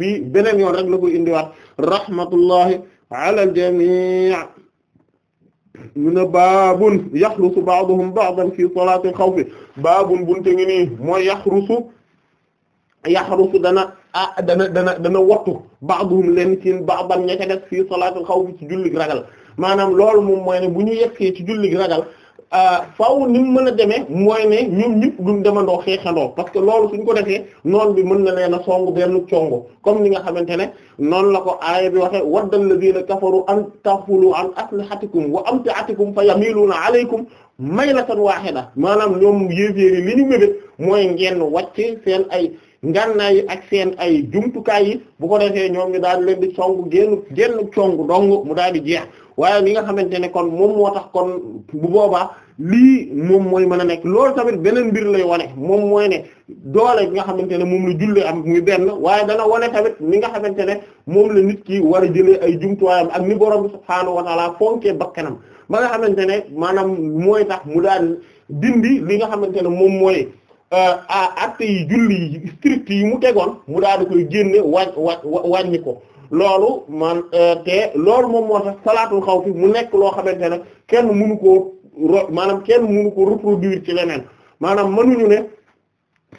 bii beneen yoon rek la ko indiwaat rahmatullahi ala al-jamii mu ne baabun yaxrusu ba'duhum ba'dan fi salaatil xawfi baabun bunte ngi nii mooy yaxrusu dana ah dana leen ci ba'dan ña ca def fi salaatil xawfi ci jullig ragal maanaam loolu moom mooy ne bu ñu yekkee ci jullig ragal Euh, faw ni mu mën a demee mooy ne ñoom ñëpp duñ demandoo xeexandoo parce que loolu suñ ko defee noon bi mën na leen a song benn congo comme ni nga xamante ne noonu la ko aaya bi waxee wadda alladhina kafaru an tafulu an aslihatikum wa amtiatikum fa yamiluna alaykum maylatan wahida maanaam ñoom yéeféeri li ñu mébét mooy ngeen wàcc seen ay ngànnaay yi ak seen ay jumtukaay yi bu ko defee ñoom ngi daal leen di song génn génn cong dong mu daal di jeex waaye li nga xamante ne kon moom moo tax kon bu boobaa lii moom mooy mën a nekk loolu tamit beneen mbir lay wane moom mooy ne doole bi nga xamante ne moom la julli am muy benn waaye dana wane tamit ni nga xamante ne moom la nit ki war a jëlee ay jumtuwaayam ak ni borom bi subhaanahu wa ta'ala fonkee bakkanam ba nga xamante ne maanaam mooy tax mu daal dindi li nga xamante ne moom mooy Euh, actes yi julli yi strict yi mu tegoon mu daal di koy génne wàññ wàññi ko loolu man euh, te loolu moom moo tax salaatul xawf mu nekk loo xamante ne kenn mënu koo maanaam kenn munu ko reproduire ci leneen maanaam ñu ne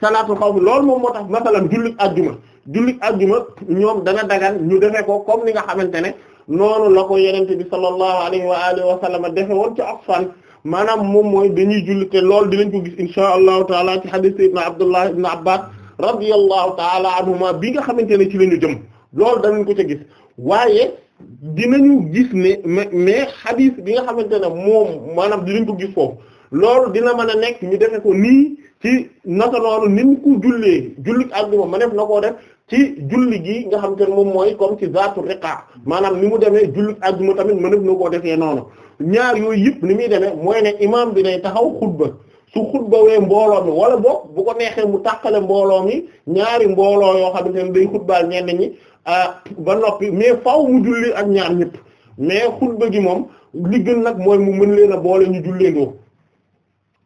salaatul xawf loolu moom moo tax masalan jullit ajjuma jullit ajjuma ñoom dana dagal ñu defee ko comme ni nga xamante ne noonu la ko yenente bi sallallahu alayhi wa alihi wa sallam defe woon ci Affan maanaam moom mooy dañuy julli te loolu dinañ ko gis insha allahu taala ci hadith sayyidina Abdullah ibn Abbas radiyallahu taala anhuma bi nga xamante ne ci la ñu jëm loolu danañ ko ca gis waaye dinañu gis ne mais mais bi nga xamante ne moom maanaam dinañ ko gis foofu loolu dina mën a nekk ñu defe ko nii ci naka noonu ni mu ko jullee julli àjjuma ma def na koo def ci julli gi nga xamante ne moom mooy comme ci zaatu riqa maanaam ni mu demee julli àjjuma tamit ma def na defee noonu ñaar yooyu yëpp ni muy demee mooy ne imaam bi day taxaw xutba su xutbawee mbooloo mi wala boog bu ko neexee mu tàqale mbooloo mi ñaari mbooloo yoo xam ne day xutbaal ñenn ñi ah, ba noppi mais faaw mu julli ak ñaar ñëpp mais xutba gi moom li gën nag mooy mu mën leen a boole ñu julleendoo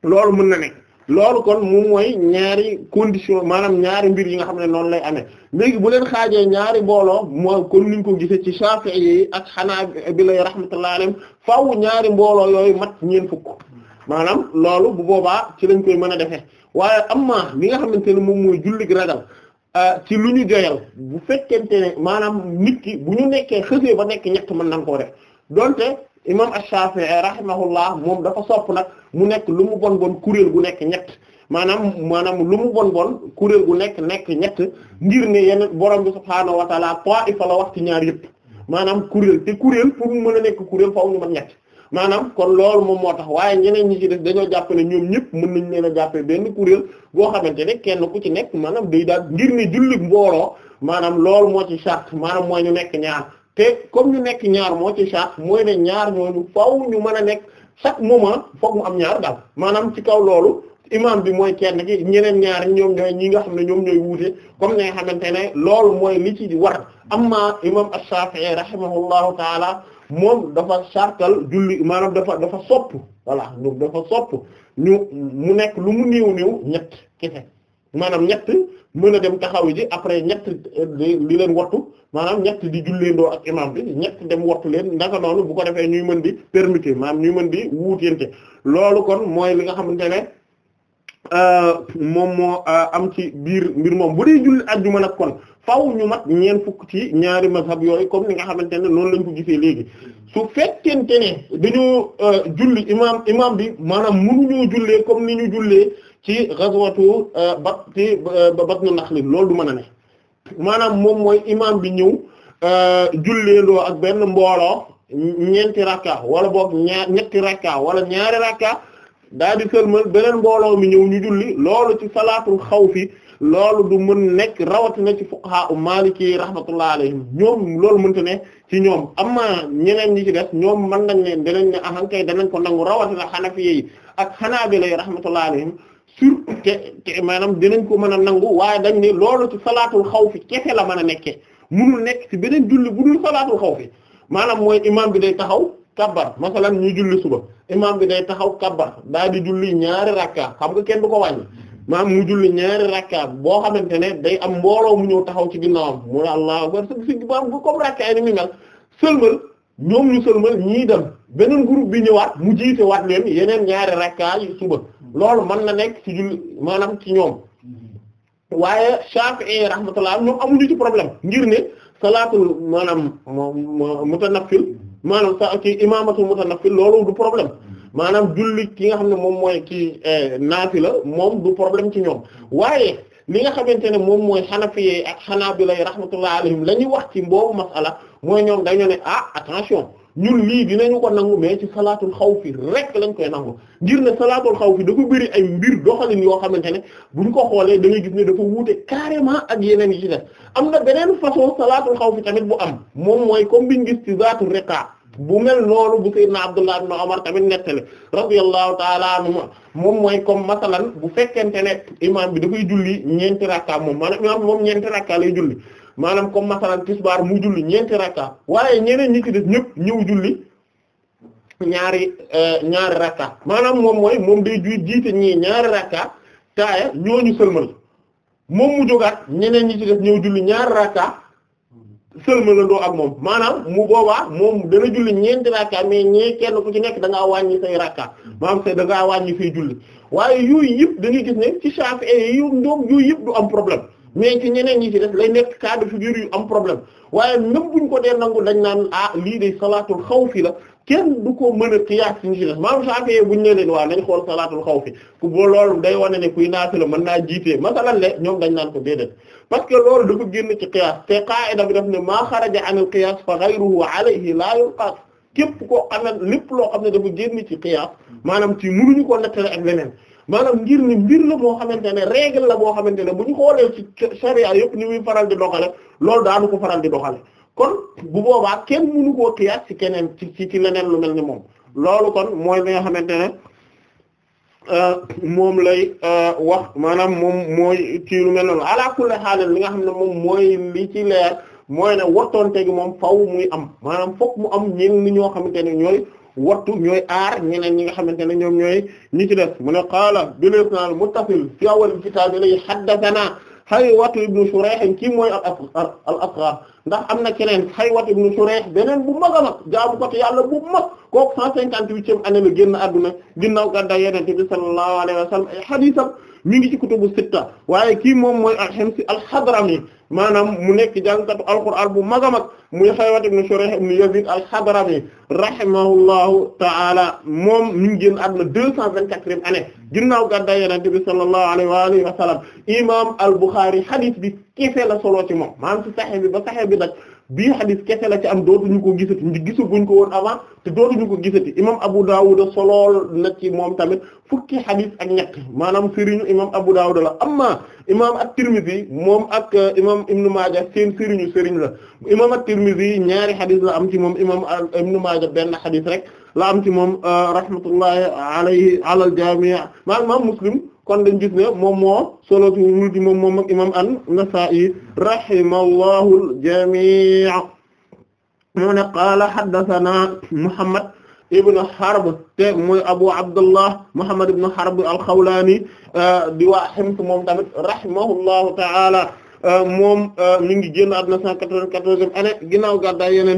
loolu mën na ne loolu kon moom mooy ñaari condition maanaam ñaari mbir yi nga xam ne noonu lay amee léegi bu leen xaajee ñaari mbooloo moo kon niñ ko gisee ci Shafi'i yi ak Hanabila yi rahmatullahi alayhim faaw ñaari mbooloo yooyu mat ñeen fukk maanaam loolu bu boobaa ci lañ koy mën a defee waaye amma li nga xamante ne moom mooy jullig ragal euh, ci lu ñu joyal bu fekkente ne maanaam nit ki bu ñu nekkee xësee ba nekk ñett mën nañ koo def donte imam Ash-Shafi'i rahimahullah moom dafa sopp nag mu nekk lu mu bon bon kuréel gu nekk ñett maanaam maanaam lu mu bon bon kuréel gu nekk nekk ñett ngir ne yenn borom bi subhaanahu wa ta'ala la wax ci ñaar yëpp maanaam kuréel te kuréel pour nekk kuréel faaw ñu ñett maanaam kon loolu moom moo tax waaye ñeneen ñi ci def dañoo jàpp ne ñoom ñëpp mën nañ leen a jàppee benn kuréel boo xamante ne kenn ku ci nekk maanaam day daal ngir ne jullit mbooloo maanaam loolu moo ci charte maanaam mooy ñu nekk ñaar te comme ñu nekk ñaar moo ci charte mooy ne ñaar ñooñu faaw ñu mën a nekk chaque moment foog mu am ñaar daal maanaam ci kaw loolu imam bi mooy kenn ki ñeneen ñaar ñoom ñooy ñi nga xam ne ñoom ñooy wuute comme ni nga xamante ne loolu mooy li ci war amma imam Ash-Shafi'i rahimahullahu taala moom dafa sartal julli maanaam dafa dafa sopp voilà dafa sopp ñu mu nekk lu mu néew néew ñett kese maanaam ñett mën a dem taxawu ji après ñett eh, di leen wattu maanaam ñett di julleendoo ak imam bi ñett dem wattu leen naka bu ko defee ñuy mën di permuter maanaam ñuy mën di wuutente loolu kon mooy li nga xamante ne euh, moom moo euh, am ci biir mbir moom bu dee julli ajjuma nag kon faw ñu mat ñeen fukk ci ñaari mazhab yooyu comme ni nga xamante ne noonu lañ ko gisee léegi su fekkente ne dañoo euh, julli imam imam bi maanaam mënuñoo jullee comme ni ñu jullee ci ghazwatu euh, bat ci euh, nax naxli loolu du mën a ne maanaam moom mooy imaam bi ñëw euh, julleendoo ak benn mbooloo ñeenti rakka wala boog ñaar ñetti rakka wala ñaari rakka daal di sëlmal beneen mbooloo mi ñëw ñu julli loolu ci salaatul xawfi loolu du mën nekk rawatina ci fuqaha u maliki rahmatullah alayhim ñoom loolu mën mënta ne ci ñoom amma ñeneen ñi ci def ñoom man nañ leen danañ ne ahankay danañ ko nangu rawatina xanafi yi ak xanaa xanaabila rahmatullah alayhim sur te maanaam dinañ ko mën a nangu waaye dañ ne loolu ci salaatul xaw fi kese la mën a nekkee munul nekk ci beneen julli bu dul salaatul xaw fi maanaam mooy imam bi day taxaw kabbar masalan ñu julli suba imam bi day taxaw kabbar daal di julli ñaari rakka xam nga kenn du ko wàññi maanaam mu julli ñaari rakka boo xamante ne day am mbooloo mu ñëw taxaw ci ginnaawam mu ne allah akbar si baam nga comme rakka yi ni mi mel sëlmal ñoom ñu sëlmal ñii dem beneen groupe bi ñëwaat mu jiite leen yeneen ñaari rakka yi suba loolu mën na nekk ci julli maanaam ci ñoom waaye Shafi'i rahmatullah ñoom amuñu ci problème ngir ne salaatul maanaam mutanaffil maanaam sa ci imaamatul mutanaffil loolu du problème maanaam julli ki nga xam ne moom mooy ci eh, naafila moom du problème ci ñoom waaye li nga xamante ne moom mooy Hanafiyyi ak Hanaabila rahmatullah alayhim la ñuy wax ci mboobu masala mooy ñoom dañu ne ah attention ñun lii ñu ko nangu mais ci salaatul xaw fi rek lañ koy nangu ngir ne salaatul xaw fi dafa bëri ay mbir doxalin yoo xamante ne buñ ko xoolee dangay ngay gis ne dafa wuute carrément ak yeneen yi ci def am na beneen façon salaatul xaw fi tamit bu am moom mooy comme biñ gis ci rek riqa bu mel noonu bu sayyidna Abdullah ibn Umar tamit nettali radiyallahu ta'ala anhu moom mooy comme masalan bu fekkente ne imaam bi dafay julli ñeenti rakka moom maanaam imaam moom ñeenti rakka lay julli maanaam comme masalan tisbaar mu julli ñeenti rakka waaye ñeneen ñi ci def ñëpp ñëw julli ñaari euh, ñaari rakka maanaam moom mooy moom day ju jiite ñii ñaari rakka taaya ñooñu sëlmal moom mu jógaat ñeneen ñi ci def ñëw julli ñaari rakka sëlmalandoo ak moom maanaam mu boobaa moom dana julli ñeenti rakka mais ñee kenn ku ci nekk da ngaa wàññi say rakka maam say da ngaa wàññi say julli waaye yooyu yëpp da ngay gis ne ci Shafi'i yu ñoom yëpp du am problème mais ci ñeneen ñi ci def lay nekk cas de figure yu am problème waaye même buñ ko dee nangu dañ naan ah lii de salaatul xawfi la kenn du ko mën a xiyaas ci ñi ci def maanaam Shafi'i buñ ne leen waa nañ xool salaatul xawfi ku boo loolu day wane ne kuy naafila mën naa jiitee masalan le ñoom dañ naan ko déedéet parce que loolu dafa génn ci xiyaas te qaa'ida bi daf ne maa xaraja anil qiyaas fa ghayruhu alayhi laa yulqaas képp koo xam ne lépp loo am ne dafa génn ci xiyaas maanaam ci mënuñu ko nettale ak leneen maanaam ngir ni mbir la boo xamante ne règle la boo xamante ne bu ñu xoolee ci sharia yëpp ni muy faral di doxale loolu daanu ko faral di doxale kon bu boobaa kenn nu koo xiyaat ci keneen ci ci ci leneen lu mel ni moom loolu kon mooy li nga xamante ne euh, moom lay euh, wax maanaam moom mooy ci lu mel noonu ala kulli xaalin li nga xam ne moom mooy li ci leer mooy ne wottonte gi moom faw muy am maanaam fokk mu am ñenn ñoo xamante ne ñooy wattu ñooy aar ñeneen ñi nga xamante ne ñoom ñooy ñi ci def mu ne qaala bil isnaad muttasil fi awwal kitaab li haddathana Haywatu ibnu Shurayh kii mooy al asghar ndax am na keneen Haywatu ibnu Shurayh beneen bu mag a mag jaamu ko te yàlla bu mag kooku 158e année la génn àdduna ginnaaw gàddaay Yonent bi sallallahu alayhi wa sallam ay hadiisam mi ngi ci kutubu sitta waaye kii moom mooy al-Himsi al-Hadrami maanaam mu nekk jàngkatu alquraan bu mag a mag muy Haywat ibn Shurayh ibn Yazid al-Hadrami rahimahullahu ta'ala moom mi ngi génn àdduna deux cent vingt-quatrième année ginnaaw gàddaay Yonent bi sallallahu alayhi wa alihi wa sallam imam al-Bukhari hadith bi kese la solo ci moom maanaam ci Sahih bi ba Sahih bi nag bii xadis kese la ci am ñu ko gisati gisaguñ ko woon avant te dootuñu ko gisati imam Abu Dawud solool na ci moom tamit fukki xadis ak ñett maanaam sëriñu imam Abu Dawud la amma imam at-Tirmidhi moom ak uh, imam Ibn Maaja seen sëriñu sëriñ la imam at-Tirmidhi ñaari xadis la am ci moom imam Ibn Maaja benn xadis rek. la ci moom euh, rahmatullahi alayhi alal jamii ma imam Muslim kon dañ gis ne moom moo solo ci wul moom moom ak imam an-Nasa'i rahimallahu al-jamii mu ne qaala haddathana Muhammad ibn Harb te mooy Abu Abdullah Muhammad ibn Harb al-Khawlani euh, di waa Hims moom tamit rahimahullahu ta'ala euh, moom mi ngi génn àdduna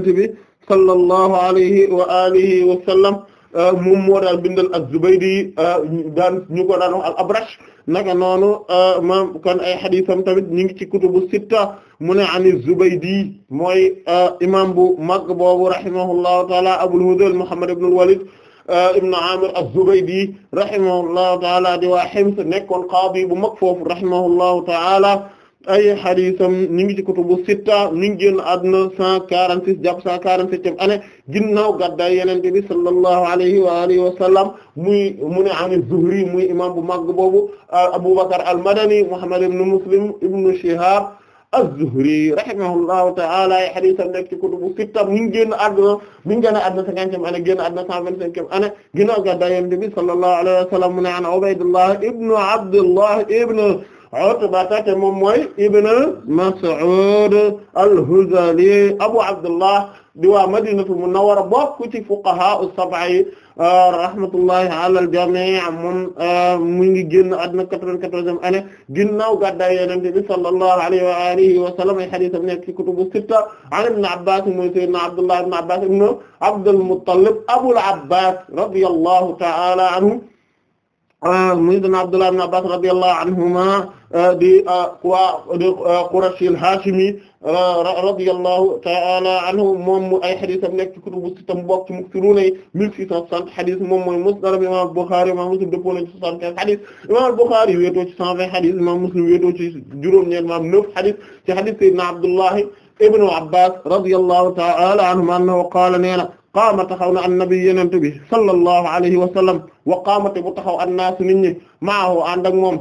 bi sallallahu alayhi wa alihi wa sallam euh, moom moo daal bindal az-Zubaydi euh, daan ñu ko daan wax al-Abrash naka noonu euh, maam kon ay xadiisam tamit ñu ngi ci kutubu sitta mu ne ani Zubaydi mooy imam bu mag boobu rahimahullahu taala Abul Hudayl Muhammad ibn al-Walid ibn Amir az-Zubaydi rahimahullahu taala di waa Hims nekkoon qaadi bu mag foofu rahimahullahu taala ay xadisam ñu ngi ci kutubu sitta mi ngi génn àdduna 146 jàpp 147 année ginnaaw gàddaay yonent bi sallallahu alayhi wa alihi wa mu ne an Zuhri bu mag boobu Aboubacar al-Madani Muhammad ibn Muslim ibn Shihab az-Zuhri rahimahullahu ta'ala ay xadisam nekk ci kutubu sitta mi ngi génn àdduna mi ngi génn àdduna 50 année génn àdduna 125 année ginnaaw gàddaay yonent bi sallallahu alayhi wa sallam mu ne an Ubaydullah ibn Abdullah ibn Utbata te moom mooy ibn Mas'ud al-Hudhali Abu Abdullah di waa Madinatul Munawwara bokk ci fuqaha as-sab'a yi rahmatullahi ala al-jami' moom mu ngi génn àdduna 94e année ginnaaw gàddaay Yonent bi sallallahu alayhi wa alihi wa sallam ay hadiis am nekk ci kutubu sitta an ibn Abbas mooy sayyidina Abdullah ibn Abbas ibn Abdul Muttalib Abul Abbas radiyallahu ta'ala anhu Euh, muy dina Abdullah ibn Abbas radiyallahu anhuma euh, di euh, waa di Qurashi al-Hashimi radiyallahu ta'ala anhu moom mu ay xadisam nekk ci kutubu sitta mu bokk ci muksiruna yi 1660 xadis moom mooy musnad imam Bukhari imam Muslim dëppoo nañ ci 75 xadis imam Bukhari wéetoo ci 120 xadis imam Muslim wéetoo ci juróom-ñeent imam 9 xadis ci xadis sayyidina Abdullah ibn Abbas radiyallahu ta'ala anhuma annahu qaala nee na qaama taxaw na annabi yenent bi sallallahu alayhi wa sallam wa qaamate bu taxaw annaasu nit ñi maahu ànd ak moom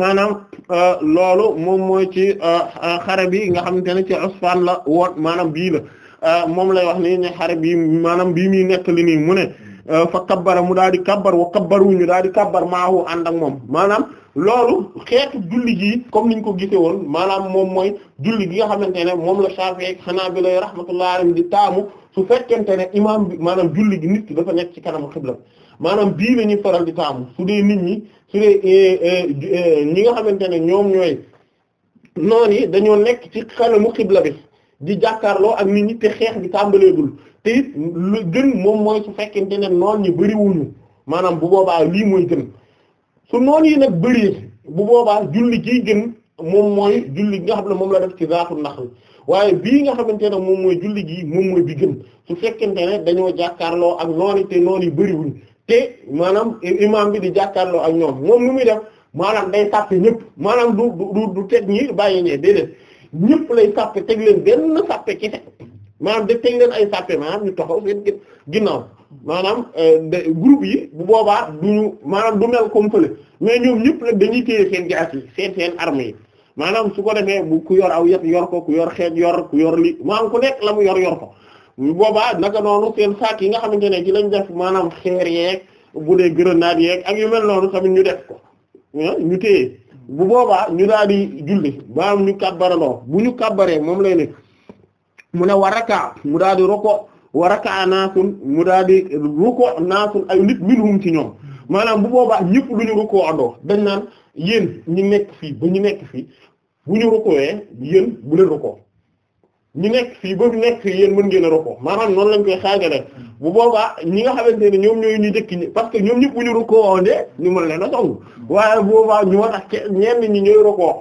maanaam euh, loolu moom mooy ci euh, xare bi nga xamante ne ci Usfaan la woon maanaam bii la euh, moom lay wax ni ñu xare bi maanaam bii muy nekk li nii mu ne fa kabbara mu daal di kabbar wa kabbaru ñu daal di kabbar maahu ànd ak moom maanaam loolu xeetu julli gi comme niñ ko gisee woon maanaam moom mooy julli gi nga xamante ne moom la Shafi'i Hanabila rahmatullahi alayhim di taamu su fekkente ne imaam bi maanaam julli gi nit dafa nekk ci kanamu xibla maanaam bii la ñuy faral di taamu su dee nit ñi su dee eh, eh, eh, ñi nga xamante ne ñoom ñooy noon yi dañoo nekk ci kanamu xibla bi di jàkkaarloo ak nit ñi te xeex bi tàmbaleegul te it lu gën moom mooy su fekkente ne noon ñi bariwuñu maanaam bu boobaa lii mooy gën su noonu yi nag bëri bu boobaa julli gi gën moom mooy julli gi nga xam ne moom la def ci zaatu naxl waaye bii nga xamante ne moom mooy julli gii moom mooy bi gën su fekkente ne dañoo jàkkaarloo ak noonu te noonu yi bëriwuñ te maanaam imaam bi di jàkkaarloo ak ñoom moom lu muy def maanaam day sàppe ñëpp maanaam du du du teg ñi bàyyi ñee déedéet ñëpp lay sàppe teg leen benn sàppe kese maanaam da teg leen ay sàppe maanaam ñu taxaw seen ginnaaw maanaam euh, groupe yi bu boobaa ñu maanaam du mel comme fële mais ñoom ñëpp nag dañuy téye seen jaas yi seen seen armes yi maanaam su ko defee bu ku yor aw yet yor ko ku yor xeet yor ku yor li am ku nekk la mu yor yor ko bu boobaa naka noonu seen saak yi nga xamante ne ci lañu def maanaam xeer yeeg bu dee grenade yeeg ak yu mel noonu tamit ñu def ko ah, ñu téye bu boobaa ñu daal di julli maanaam ñu kàbbarandoo bu ñu kàbbaree moom lay nekk mu ne war a mu daal di roko wa raka'a naasun mu daal di ruku' naasun ay nit minhum ci ñoom maanaam bu boobaa ñëpp lu ñu ruku' andoo dañ naan yéen ñi nekk fii bu ñu nekk fii bu ñu rukuwee yéen bu leen ruku' ñu nekk fii ba ñu nekk fii yéen mën ngeen a ruku' maanaam noonu lañ koy xaajale bu boobaa ñi nga xamante ne ñoom ñooy ñu njëkk ñi parce que ñoom ñëpp bu ñu ruku' andee ñu mën leen a song waaye bu boobaa ñu war a ñenn ñi ñooy ruku'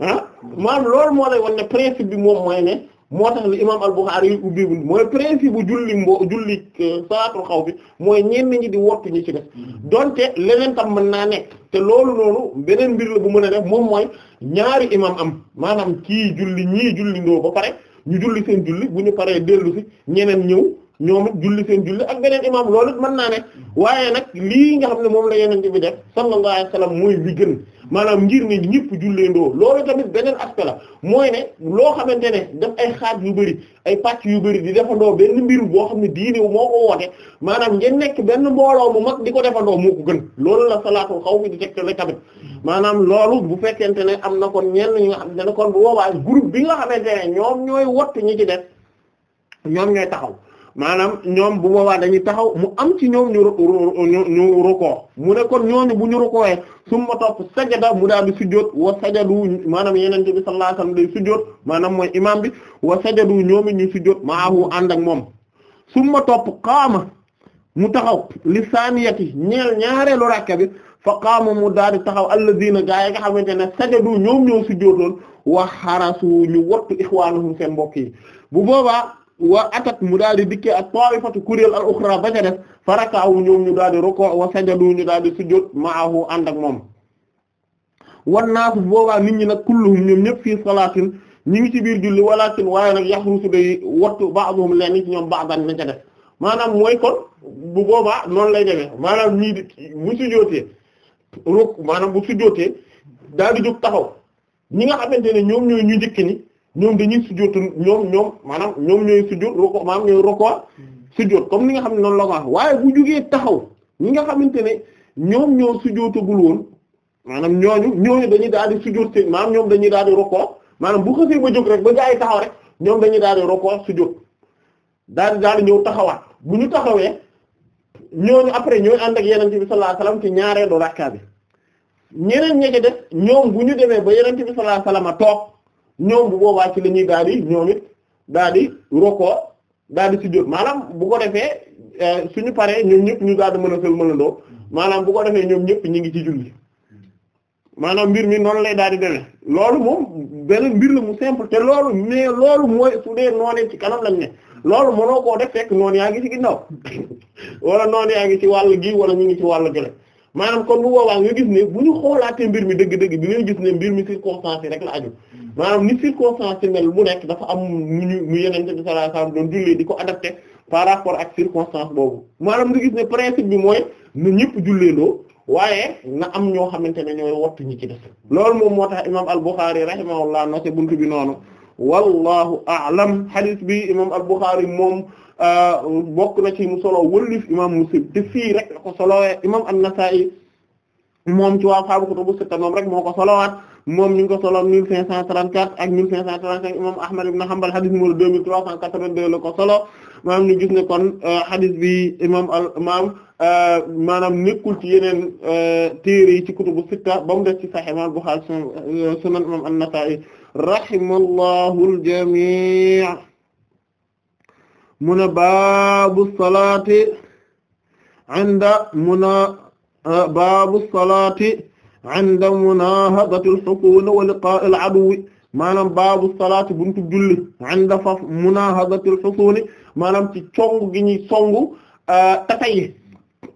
ah maanaam loolu moo lay won ne principe bi moom mooy ne. moo tax li imam al-Bukhari yi ubbibu mooy principe bu julli mbo julli euh, salaatul xawf bi mooy ñenn di wottu ñi ci def mm-hmm. donte leneen tam mën naa nekk te loolu noonu beneen mbir la bu mën a def moom mooy ñaari imam am maanaam ki julli ñii julli ndoo ba pare ñu julli seen julli bu ñu paree dellu si ñeneen ñëw ñoom it julli seen julli ak beneen imaam loolu it naa ne waaye nag lii nga xam ne moom la yeneen yenente bi def sallallahu alayhi wasallam mooy li gën maanaam ngir ne ñëpp julleendoo loolu tamit beneen aspect la mooy ne loo xamante ne def ay xaaj yu bëri ay pàcc yu bëri di defandoo benn mbir boo xam ne diine moo ko woote maanaam ngeen nekk benn mbooloo mu mag di ko defandoo moo ko gën loolu la salaatul xawf di tegte la tamit maanaam loolu bu fekkente ne am na kon ñenn ñi nga xam ne kon bu boobaa groupe bi nga xamante ne ñoom ñooy wott ñi ci def ñoom ñooy taxaw maanaam ñoom bu boobaa dañuy taxaw mu am ci ñoom ñu ñu ñu mu ne kon ñooñu bu ñu rukooyee summa topp sajada mu daal di sujjóot wa sajadu maanaam yenente bi sallallahu alayhi wasallam day maanaam mooy imam bi wa sajadu ñoom it ñu sujjóot maahu ànd ak moom summa topp qaama mu taxaw li saaniyati ñeel ñaareelu rakka bi fa qaama mu daal di taxaw alladina gaa yi nga xamante ne sajadu ñoom ñoo sujjóotoon wa xarasu ñu wattu ixwaanahum seen mbokk yi bu boobaa wa atat mu daal di dikkee ak taifatu kuréel al ukhra ba ca def farakaawu ñoom ñu daal di roko wa sajadu ñu daal di sujjóot maahu ànd ak moom wan naasu boobaa nit ñi nag kulluhum ñoom ñëpp fii salaatin ñi ngi ci biir julli walakin waaye nag yaxrusu day wattu ba'dhum leen ci ñoom ba na ca def maanaam mooy kon bu boobaa noonu lay demee maanaam ñii di bu sujjóotee rok maanaam bu sujjóotee daal di jóg taxaw ñi nga xamante ne ñoom ñooy ñu njëkk ni ñoom dañuy sujjóotu ñoom ñoom maanaam ñoom ñooy sujjóot roko maanaam ñooy roko sujjóot comme ni nga xam ne noonu la ko waaye bu jógee taxaw ñi nga xamante ne ñoom ñoo sujjóotagul woon maanaam ñooñu ñooñu dañuy daal di sujjóot seen maam ñoom dañuy daal di roko maanaam bu xasee ba jóg rek ba gaa yi taxaw rek ñoom dañuy daal di roko sujjóot daal di daal di ñëw taxawaa bu ñu taxawee ñooñu après ñooy ànd ak yenente bi sallallahu alayhi wasallam ci ñaareelu rakka bi ñeneen ñeke def ñoom bu ñu demee ba yenente bi sallallahu alayhi wasallam toog ñoom bu boobaa ci la ñuy daal di ñoom it daal di rokoo daal di sujjóot maanaam bu ko defee euh, suñu paree ñoom ñëpp ñu daal di mën a sël mënandoo maanaam bu ko defee ñoom ñëpp ñu ngi ci julli maanaam mbir mi noonu lay daal di demee loolu moom benn mbir la mu simple te loolu mais loolu mooy su dee noonee ci kanam lañ ne loolu mënoo koo def fekk noon yaa ngi ci ginnaaw wala noon yaa ngi ci wàll gi wala ñu ngi ci wàll gële maanaam kon bu boobaa nga gis ne bu ñu xoolaatee mbir mi dëgg-dëgg bi nga gis ne mbir mi circonstance rek la aju maanaam ni circonstance si mel bu nekk dafa am mu ñu mu yenente bi doon jullee di ko adapté par rapport ak circonstance boobu maanaam nga gis ne principe bi mooy na ñëpp julleeloo waaye na am ñoo xamante ne ñooy wattu ñi ci def loolu moom moo tax imam al-Bukhari rahimahullah no ci buntu bi noonu wallahu a'lam hadith bi imam al-Bukhari moom euh, bokk na ci mu solo wëllif imam Muslim te fii rek la ko solowee imam an-Nasa'i moom ci waa xaabu kutubu sitta moom rek moo ko solowaat moom ñu ngi ko solo 1534 ak 1535 imam Ahmad ibn Hanbal hadith numéro 2382 la ko solo maanaam ñu gis ne kon euh, hadith bi imam al imam euh, maanaam nekkul ci yeneen euh, téere yi ci kutubu sitta ba mu def ci Sahih imam Bukhari sunan imam an-Nasa'i rahimallahu al-jami' mu ne baabu salaati inda mu ne baabu salaati inda munahabati al-hukun wa liqa' al-aduw maanaam baabu salaati buntu julli inda faf munahabati al maanaam ci cong gi ñuy songu euh, tatay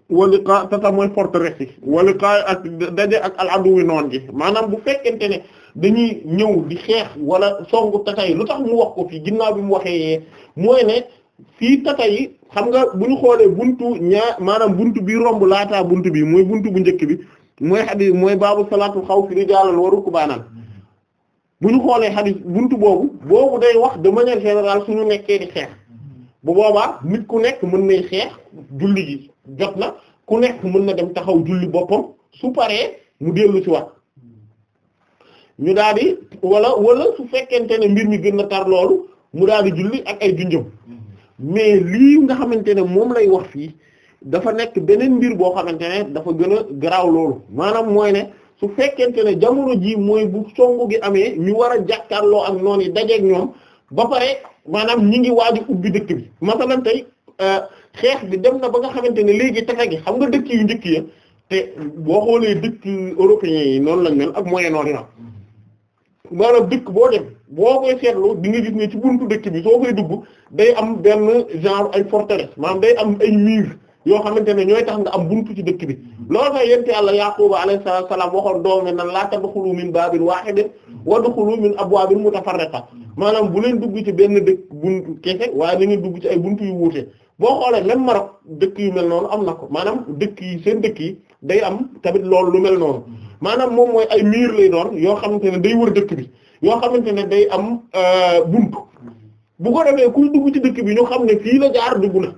wa liqa' tata mooy forteresse yi wa liqa' ak daje ak al-aduw noon gi maanaam bu fekkente ne dañuy ñëw di xeex wala songu tatay lu tax mu wax ko fii ginnaaw bi mu waxee mooy ne fii tata yi xam nga bu ñu xoolee buntu ñaar maanaam buntu bi romb laataa buntu bi mooy buntu bu njëkk bi mooy xadis mooy baabu salaatul xawfi rijaalan wa rukbaanan bu ñu xoolee xadis buntu boobu boobu day wax de manière générale suñu nekkee di xeex bu boobaa nit ku nekk mën nay xeex julli gi jot na ku nekk mën na dem taxaw julli boppam su paree mu dellu ci wax ñu daal di wala walla su fekkente ne mbir mi gën a tar loolu mu daal di julli ak ay junjëm mm-hmm. mais lii nga xamante ne moom lay wax fii dafa nekk beneen mbir boo xamante ne dafa gën a garaaw loolu maanaam mooy ne su fekkente ne jamono jii mooy bu songu gi amee ñu war a jàkkaarloo ak noon yi dajeeg ñoom ba pare maanaam ñi ngi waaju ubbi dëkk bi masalan tey euh, xeex bi dem na ba nga xamante ne léegi tefe gi xam nga dëkk yu njëkk ya te boo xoolee dëkk européens yi noonu lañ mel ak Moyen-Orient maanaam dëkk boo dem boo koy seetlu bi nga gis ne ci buntu dëkk bi soo koy dugg day am benn genre ay forteresse maanaam day am ay mur yoo xamante ne ñooy tax nga am buntu ci dëkk bi loolu tax yente yàlla Yaquba alayhi salaatu wa salaam waxoon doom nan laa waa tadxulu min baabin waahidin wadxulu min abwaabin mutafarriqa maanaam bu leen dugg ci benn dëkk buntu kese waaye na ngeen dugg ci ay buntu yu wuute boo xoolee même Maroc dëkk yu mel noonu am na ko maanaam dëkk yi seen dëkk yi day am tamit loolu lu mel noonu maanaam moom mooy ay miir lay doon yoo xamante ne day wër dëkk bi yoo xamante ne day am euh, buntu bu ko defee kuy dugg ci dëkk bi ñu xam ne fii la jaar dugg na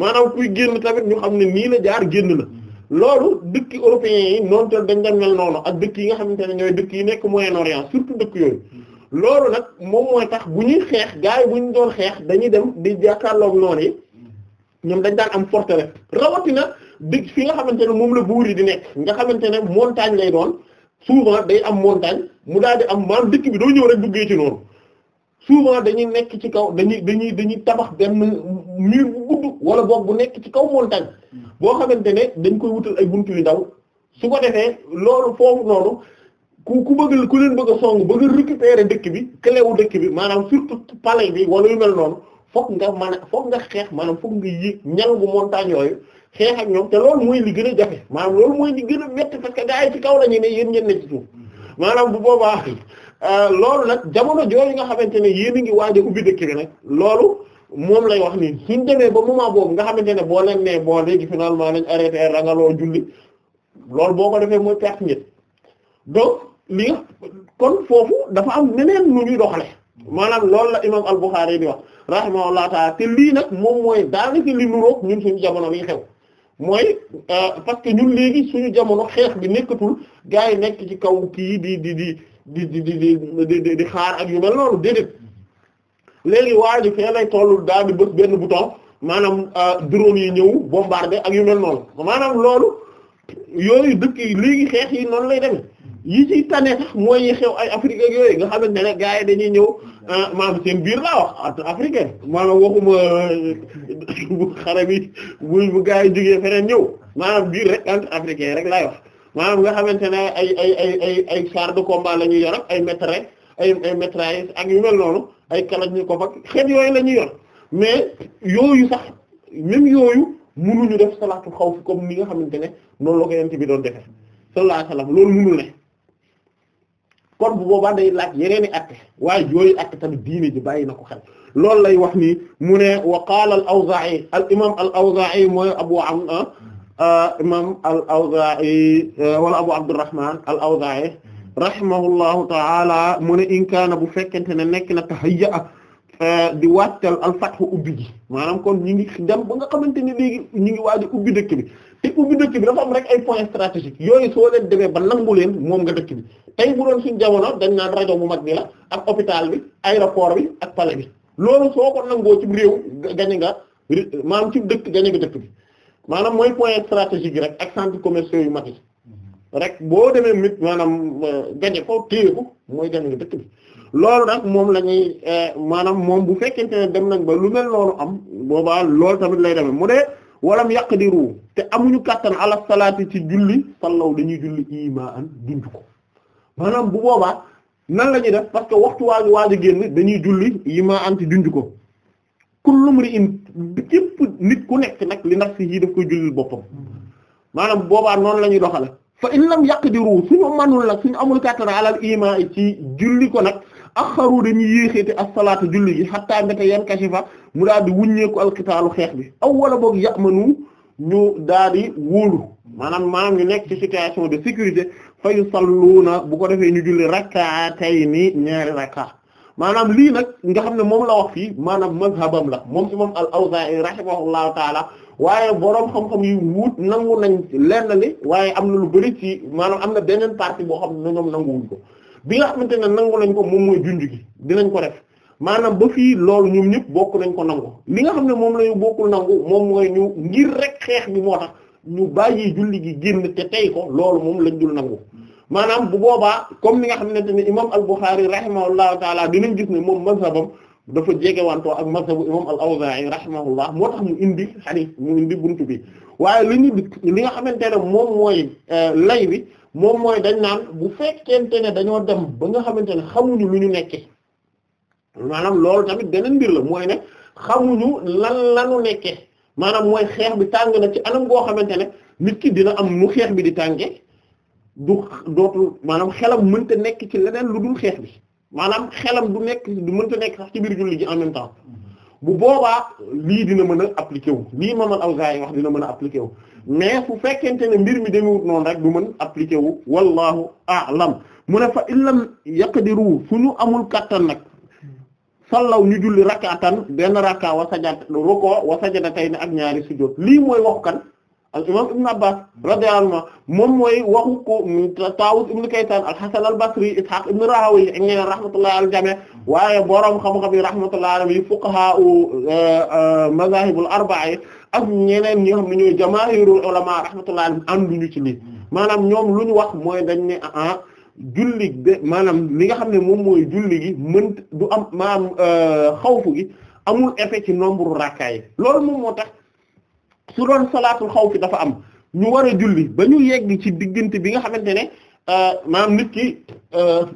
maanaam kuy génn tamit ñu xam ne nii la jaar génn na loolu dëkki européens yi noonu te dañ dem mel noonu ak dëkk yi nga xamante ne ñooy dëkk yi nekk Moyen-Orient surtout dëkk yooyu loolu nag moom mooy tax bu ñuy xeex gaa yi bu ñu doon xeex dañuy dem di jàkkaarlook noonu yi ñoom dañ daan am forteresse rawatina dëkk fi nga xamante ne moom la buur yi di nekk nga xamante ne montagne lay doon souvent day am montagne mu daal di am maanaam dëkk bi doo ñëw rek duggee ci noonu souvent dañuy nekk ci kaw dañuy dañuy dañuy tabax benn mur bu gudd wala boog bu nekk ci kaw montagne hmm. boo xamante ne dañ koy wutal ay buntu yu ndaw su ko defee loolu foofu noonu ku ku bëgg ku leen bëgg a ba bëgg a récupérer dëkk bi cléwu dëkk bi maanaam surtout palais bi wala yu mel noonu fokk nga mën a fokk nga xeex maanaam fokk nga yéeg ñal bu montagne yooyu xeex ak ñoom te loolu mooy li gën a jafe maanaam loolu mooy li gën a métti parce que gaa yi ci kaw ne yéen ngeen ne ci suuf hmm. bu boobaa Euh, loolu nag jamono jooju nga xamante ne yéen a ngi waaj a ubbi dëkk bi nag loolu moom lay wax nii suñ demee ba moment boobu nga xamante ne boo leen nee boo léegi finalement nañ arrêté rangaloo julli loolu boo ko defee mooy perte ñett li nga kon foofu dafa am neneen nu ñuy doxale maanaam loolu la imam al-Bukhari di wax rahimahullah taala te lii nag moom mooy daanaka li nuroog ñun suñu jamono liy xew mooy euh, parce ñun léegi suñu jamono xeex bi nekkatul gars yi nekk ci kaw kii di di di di di di di xaar ak yu mel noonu déedéet léegi waa ji fee lay toll daal di bës benn bouton maanaam euh, drone yi ñëw bombarder ak yu mel noonu maanaam loolu yooyu dëkk yi léegi xeex yi noonu lay demee yi ci tane sax mooy yi xew ay Afrique ak yooyu nga xamante ne gars yi dañuy ñëw euh, maanaam seen biir laa wax ah, africain maanaam waxuma bu euh, xare bi bu bu gars yi jógee feneen ñëw maanaam biir rek entre africain rek laay wax. maanaam nga xamante ne ay ay ay ay ay char de combat la yor ak ay métraille ay ay métraille ak yu mel noonu ay kalachnikov ak xeet yooyu la ñuy yor mais yooyu sax même yooyu mënuñu def salaatul xawf comme ni nga xamante ne noonu la ko yent bi doon defee sallallahu alayhi wasallam loolu ne kon bu boobaa day laaj yeneen i atte waaye yooyu atte tamit diine ji bàyyi na ko xel loolu lay wax nii mu ne wa qaala al-Awzaa'i al imam al-Awzaa'i mooy abu am ah, Euh, imam al-Awzaa'i euh, wala Abu Abdurrahman al-Awzaa'i rahimahullahu ta'ala mu ne in kaana bu fekkente ne nekk na tahayya euh, di wàttal al ubbi gi maanaam kon ñi ngi dem ba nga xamante ne léegi ñi ngi waaj ubbi dëkk bi te ubbi dëkk bi dafa am rek ay points stratégiques yooyu soo leen demee ba nangu leen moom nga dëkk bi tey bu doon suñ jamono dañ naan rajo mu mag bi ak hôpital bi aéroport bi ak pale bi loolu soo ko nangoo ci réew gañe nga maanaam ci dëkk gañe dëkk bi maanaam mooy point stratégique rek ak centres commerciaux yu mag mm-hmm. rek boo demee mit maanaam euh, gañe ko téye mooy gañe nga dëkk bi loolu nag moom lañuy ñuy euh, maanaam moom bu fekkente ne dem nañ ba lu mel noonu am boobaa loolu tamit lay demee mu dee walam yaqdiru te amuñu kàttan ala salaati ci julli sallaw dañuy julli imaan dund ko maanaam bu boobaa nan la ñuy def parce que waxtu waaju waaju génn dañuy julli imaan ci dund ko kullum ri in képp nit ku nekk nag li nafsi yi daf koy jullil boppam maanaam boobaa noonu la ñuy doxale fa in lam yaqdiru suñu manul nag ñu amul kàttan alal iman ci julli ko nag a axaru dañuy yéexeeti as-salaatu julli gi xattaa mbéte yan kashifa mu daal di wuññeeku alkitaalu xeex bi aw wala boog ya'manu ñu daal di wóolu maanaam maanaam ñu nekk ci situation de sécurité fa na bu ko defee ñu julli rakkaatayni ñaari rakkaat maanaam lii nag nga xam ne moom la wax fii maanaam mazhabam la moom moom al-Awzaa'i rahimahullahu taala waaye boroom xam-xam yu wut nangu nañ lenn li waaye am na lu bari ci maanaam am na beneen partie boo xam ne ñoom nanguwuñ ko bi nga xamante ne nangu nañ ko moom mooy junj gi dinañ ko def maanaam ba fii loolu ñoom ñëpp bokk nañ ko nangu li nga xam ne moom la ñu bokkul nangu moom mooy ñu ngir rek xeex bi moo tax ñu bàyyi julli gi génn te tey ko loolu moom lañ dul nangu. maanaam bu boobaa comme ni nga xamante ne imam al-Bukhari rahimahullahu taala dinañ gis ne moom mazhabam dafa jegewantoo ak mazhabu imam al-Awza'i rahimahullah moo tax mu indi hadith mu indi bunt bi waaye li ñu li nga xamante ne moom mooy euh, lay bi moom mooy dañ naan bu fekkente ne dañoo dem ba nga xamante ne xamuñu lu ñu nekkee maanaam loolu tamit beneen mbir la mooy ne xamuñu lan lanu nekkee maanaam mooy xeex bi tàng na ci anam boo xamante ne nit ki dina am nu xeex bi di tànge du dootu maanaam xelam mënta nekk ci leneen lu dul xeex bi maanaam xelam du nekk du ta nekk sax ci biir julli ji en même temps bu boobaa lii dina mën a appliqué wu lii ma mën Awzaa'i wax dina mën a appliqué wu mais fu fekkente ne mbir mi demewut noonu rek du mën appliqué wu wallahu a'lam mu ne fa illam yaqdiru fu ñu amul kattan nag sallaw ñu julli rakkaatan benn rakka wa sajada ruko wa sajada tey ne ak ñaari sujjóot lii mooy wax kan al imam ibn abbas radiyallahu anhu moom mooy waxu ko Taawus ibn Kaysan al-Hasan al-Basri Ishaq ibn Rahawayh al jami' waaye boroom xam-xam yi rahmatullahi alayhi fuqaha eh, eh, mazahibul arba'a yi ak ñeneen ñi nga xam ne ñooy jamaahirul ulama rahmatullahi alayhim ànduñu ci lii maanaam ñoom lu ñu wax mooy dañ ne ah, ah julli de maanaam li nga xam ne moom mooy julli gi mën du am maanaam eh, xawfu gi amul effet ci nombre rakkaay loolu moom moo tax su doon salaatul xawfi dafa am ñu war a julli ba ñu yegg ci diggante bi nga xamante ne euh, maanaam nit ki euh,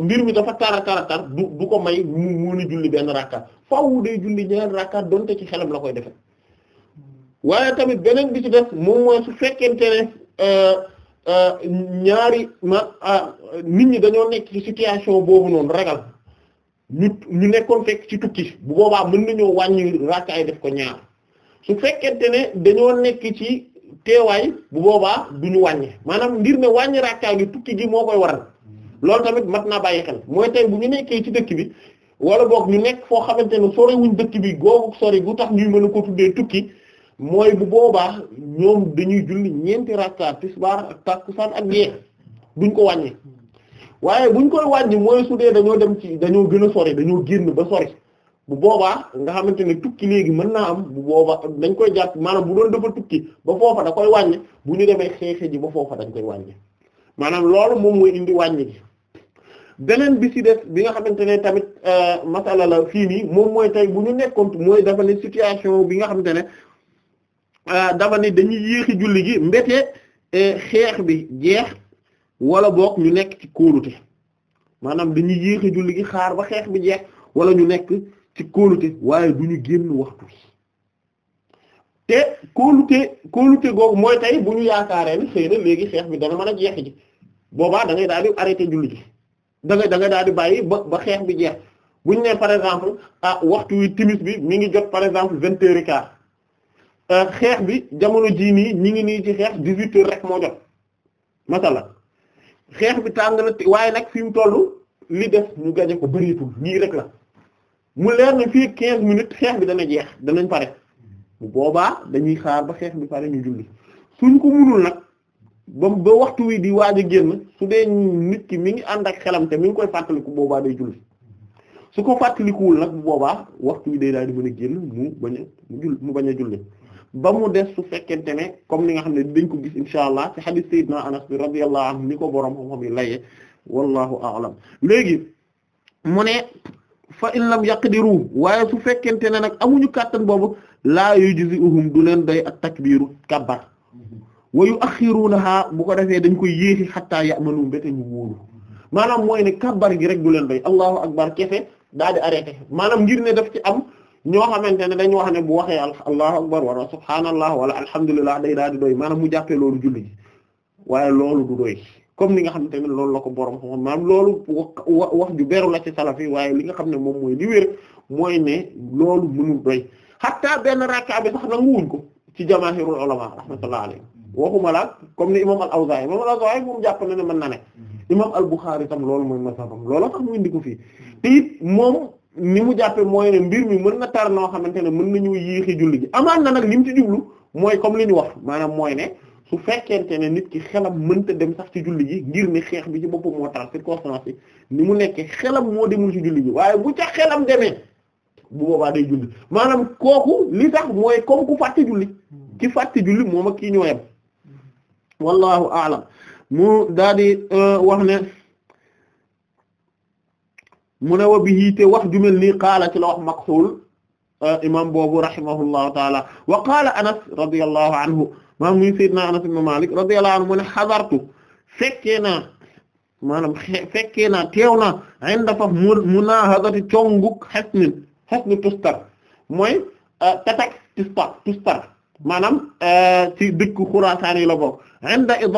mbir mi dafa tara tara tar du ko may mu mun a julli benn rakka faaw day julli ñaari rakka donte ci xelam la koy defe waaye tamit beneen bi ci def moom mooy su fekkente ne euh, ñaari ma ah, nit ñi dañoo nekk ci situation boobu noonu ragal ñu ñu nekkoon fekk ci tukki bu boobaa mën nañoo wàññi rakka yi def ko ñaar. su fekkente ne dañoo nekk ci teewaay bu boobaa du ñu wàññi maanaam ngir ne wàññi rakkaa gi tukki gi moo koy waral loolu tamit mat naa bàyyi xel mooy tey bu ñu nekkee ci dëkk bi wala boog ñu nekk foo xamante ne sorewuñ dëkk bi googu sori gu tax ñuy mënu a ko tuddee tukki mooy bu boobaa ñoom dañuy julli ñeenti rakkaa tisbaar ak takkusaan ak gée duñ ko wàññi waaye buñ koy wàññi mooy su dee dañoo dem ci dañoo gën a sori dañoo génn ba sori bu boobaa nga xamante ne tukki léegi mën naa am bu boobaa dañ koy jàpp maanaam bu doon dafa tukki ba foofa da koy wàññi bu ñu demee xeexee ji ba foofa dañ koy wàññi maanaam loolu moom mooy indi wàññi gi beneen bi des bi nga xamante ne tamit euh, masala la fii nii moom mooy tey bu ñu nekkoon mooy dafa ne situation bi nga xamante ne euh, dafa ne dañuy yéexi julli gi mbete euh, xeex bi jeex wala boog ñu nekk ci kóolute maanaam dañuy yéexi julli gi xaar ba xeex bi jeex wala ñu nekk ci kóolute waaye du ñu génn waxtu te kóolute kóolute googu mooy tey bu ñu yaakaaree xëy na léegi xeex bi danga mën a jeex ji boobaa da ngay daal di arrêté julli ji da da ngay daal di bàyyi ba ba xeex bi jeex bu ñu nee par exemple ah waxtu wi timis bi mi ngi jot par exemple vingt heures et euh, xeex bi jamono jii nii ñi ngi nii ci xeex dix-huit rek moo jot masala xeex bi tàng na waaye nag fi mu toll li def mu gañe ko bëreetul ñii rek la mu leer na fii quinze minutes xeex bi dana jeex danañ pare bu boobaa dañuy xaar ba xeex bi pare ñu julli suñ ko munul nag ba ba waxtu wi di waaj a génn su dee nit ki mi ngi ànd ak xelam te mi ngi koy fàttaliku boobaa day julli su ko fàttalikuwul nag bu boobaa waxtu wi day daal di mën a génn mu bañ a mu julli bañ a julli ba mu des su fekkente ne comme ni nga xam ne dañ ko gis insha allah ci hadith na anas bi radiyallahu anhu ni ko boroom xam-xam yi layee wallahu a'lam léegi mu ne fa in lam yaqdiru waaye su fekkente ne nag amuñu kàttan boobu laa yujzi'uhum du leen doy ak takbiru kabbar wa yu'akhirunaha bu ko defee dañ koy yéexi xattaa ya'manu mbéte ñu wóoru maanaam mooy ne kabbar gi rek du leen doy allahu akbar kefe daal di arrêté maanaam ngir ne def ci am ñoo xamante ne dañu wax ne bu waxee allahu akbar wala subhaanallah wala alhamdulillah day daal di doy maanaam mu jàppee loolu julli ji waaye loolu du doy comme ni nga xamante ne loolu la ko borom xam maanaam loolu wax wax ju la ci salaf yi waaye li nga xam ne moom mooy li wér mooy ne loolu mënul doy hatta benn rakka bi sax nanguwuñ ko ci jamaahirul ulama rahmatullahi alayhi waxuma la comme ni imam al-Awzaa'i imam al-Awzaa'i moom jàpp na ne mën na ne imam al-Bukhari itam loolu mooy mazhabam looloo tax mu indi ko fii te moom ni mu jàppee mooy ne mbir mi mën na tar noo xamante ne mën na nañu yéexi julli ji amaan na nag li mu ci jublu mooy comme li ñu wax maanaam mooy ne su fekkente ne nit ki xelam mënta dem sax ci julli gi ngir ni xeex bi ci boppam moo tax circonstance yi ni mu nekkee xelam moo demul ci julli gi waaye bu ca xelam demee bu boobaa day julli maanaam kooku li tax mooy comme ku fàtte julli ci fàtte julli moom ak kii ñooyam wallahu a'lam mu daal di euh, wax ne mu ne wa bihi wax ju mel nii qaala ci la wax Makxuul euh, imaam boobu rahimahullahu taala wax qaala Anas radiyallahu anhu maanaam muy Seydina Anas ibn Malik radiyallahu anhu mu ne xadartu maanaam tustar mooy euh, tatak tustar tustar maanaam euh, ci dëkk Xurasaan yi la bokk inda euh,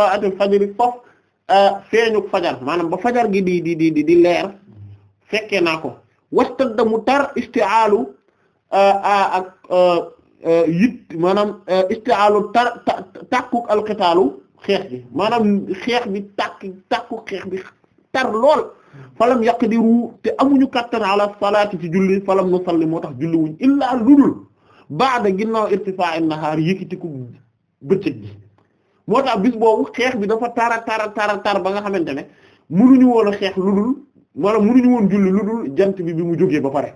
maanaam ba fajar gi di di di naa ko Euh, yit maanaam euh, istihaalu tar tàkkuk alxitaalu xeex bi maanaam xeex bi tàkk tàkkuk xeex bi tar lool falam yaqdiru te amuñu kattan ala salaati ci julli falam nusalli moo tax julli wuñ illaa ludul baada ginnaaw irtifaa'i nahaar yëkkitiku bëccëg bi moo tax bis boobu xeex bi dafa tara tara tara tar ba nga xamante ne munuñu woon a xeex ludul maanaam munuñu woon julli dul jant bi bi mu jógee ba pare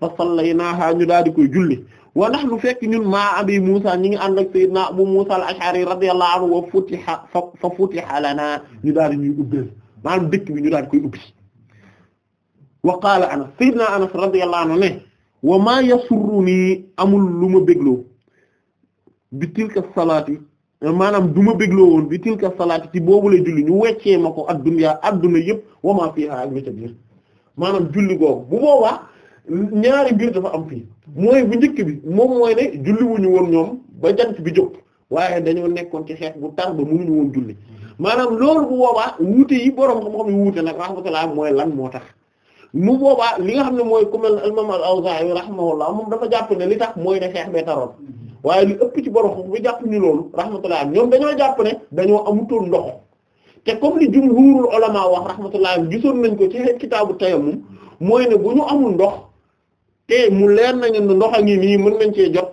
fa sallaynaaha ñu daal koy julli wa nahnu fekk ñun maa abi Musa ñi ngi ànd ak sayyidina Abu Musa al-Ash'ari radiyallahu wa futiha futiha lana ñu daal di ñuy ubbeel maanaam dëkk bi ñu daal koy ubbi wa qaala Anas sayyidina Anas radiyallahu anhu ne wa maa yasurruni amul lu ma bégloo bi tilka salaati maanaam du ma bégloo woon bi tilka salaati ci boobu la julli ñu weccee ma ko ad-dunya adduna yëpp wa maa fiha ak lu ca biir maanaam julli googu bu boobaa ñaari mbir dafa am fii mooy bu njëkk bi moom mooy ne julliwuñu woon ñoom ba jant bi jóg waaye dañoo nekkoon ci xeex bu tar ba mënuñu woon julli maanaam loolu bu boobaa wuute yi borom xam-xam yu wuute nag rahmatullah mooy lan moo tax mu boobaa li nga xam ne mooy ku mel imam al-Awzaa'i rahimahullah moom dafa jàpp ne li mooy ne xeex bee taroon waaye li ëpp ci borom xam bi jàpp ni loolu rahmatullah ñoom dañoo jàpp ne dañoo amutool ndox te comme li jumhuurul ulama wax rahmatullah gisoon nañ ko ci kitaabu tayammum mooy ne bu ñu amul ndox te mu leer nañu ndox a ngi nii mën nañ cee jot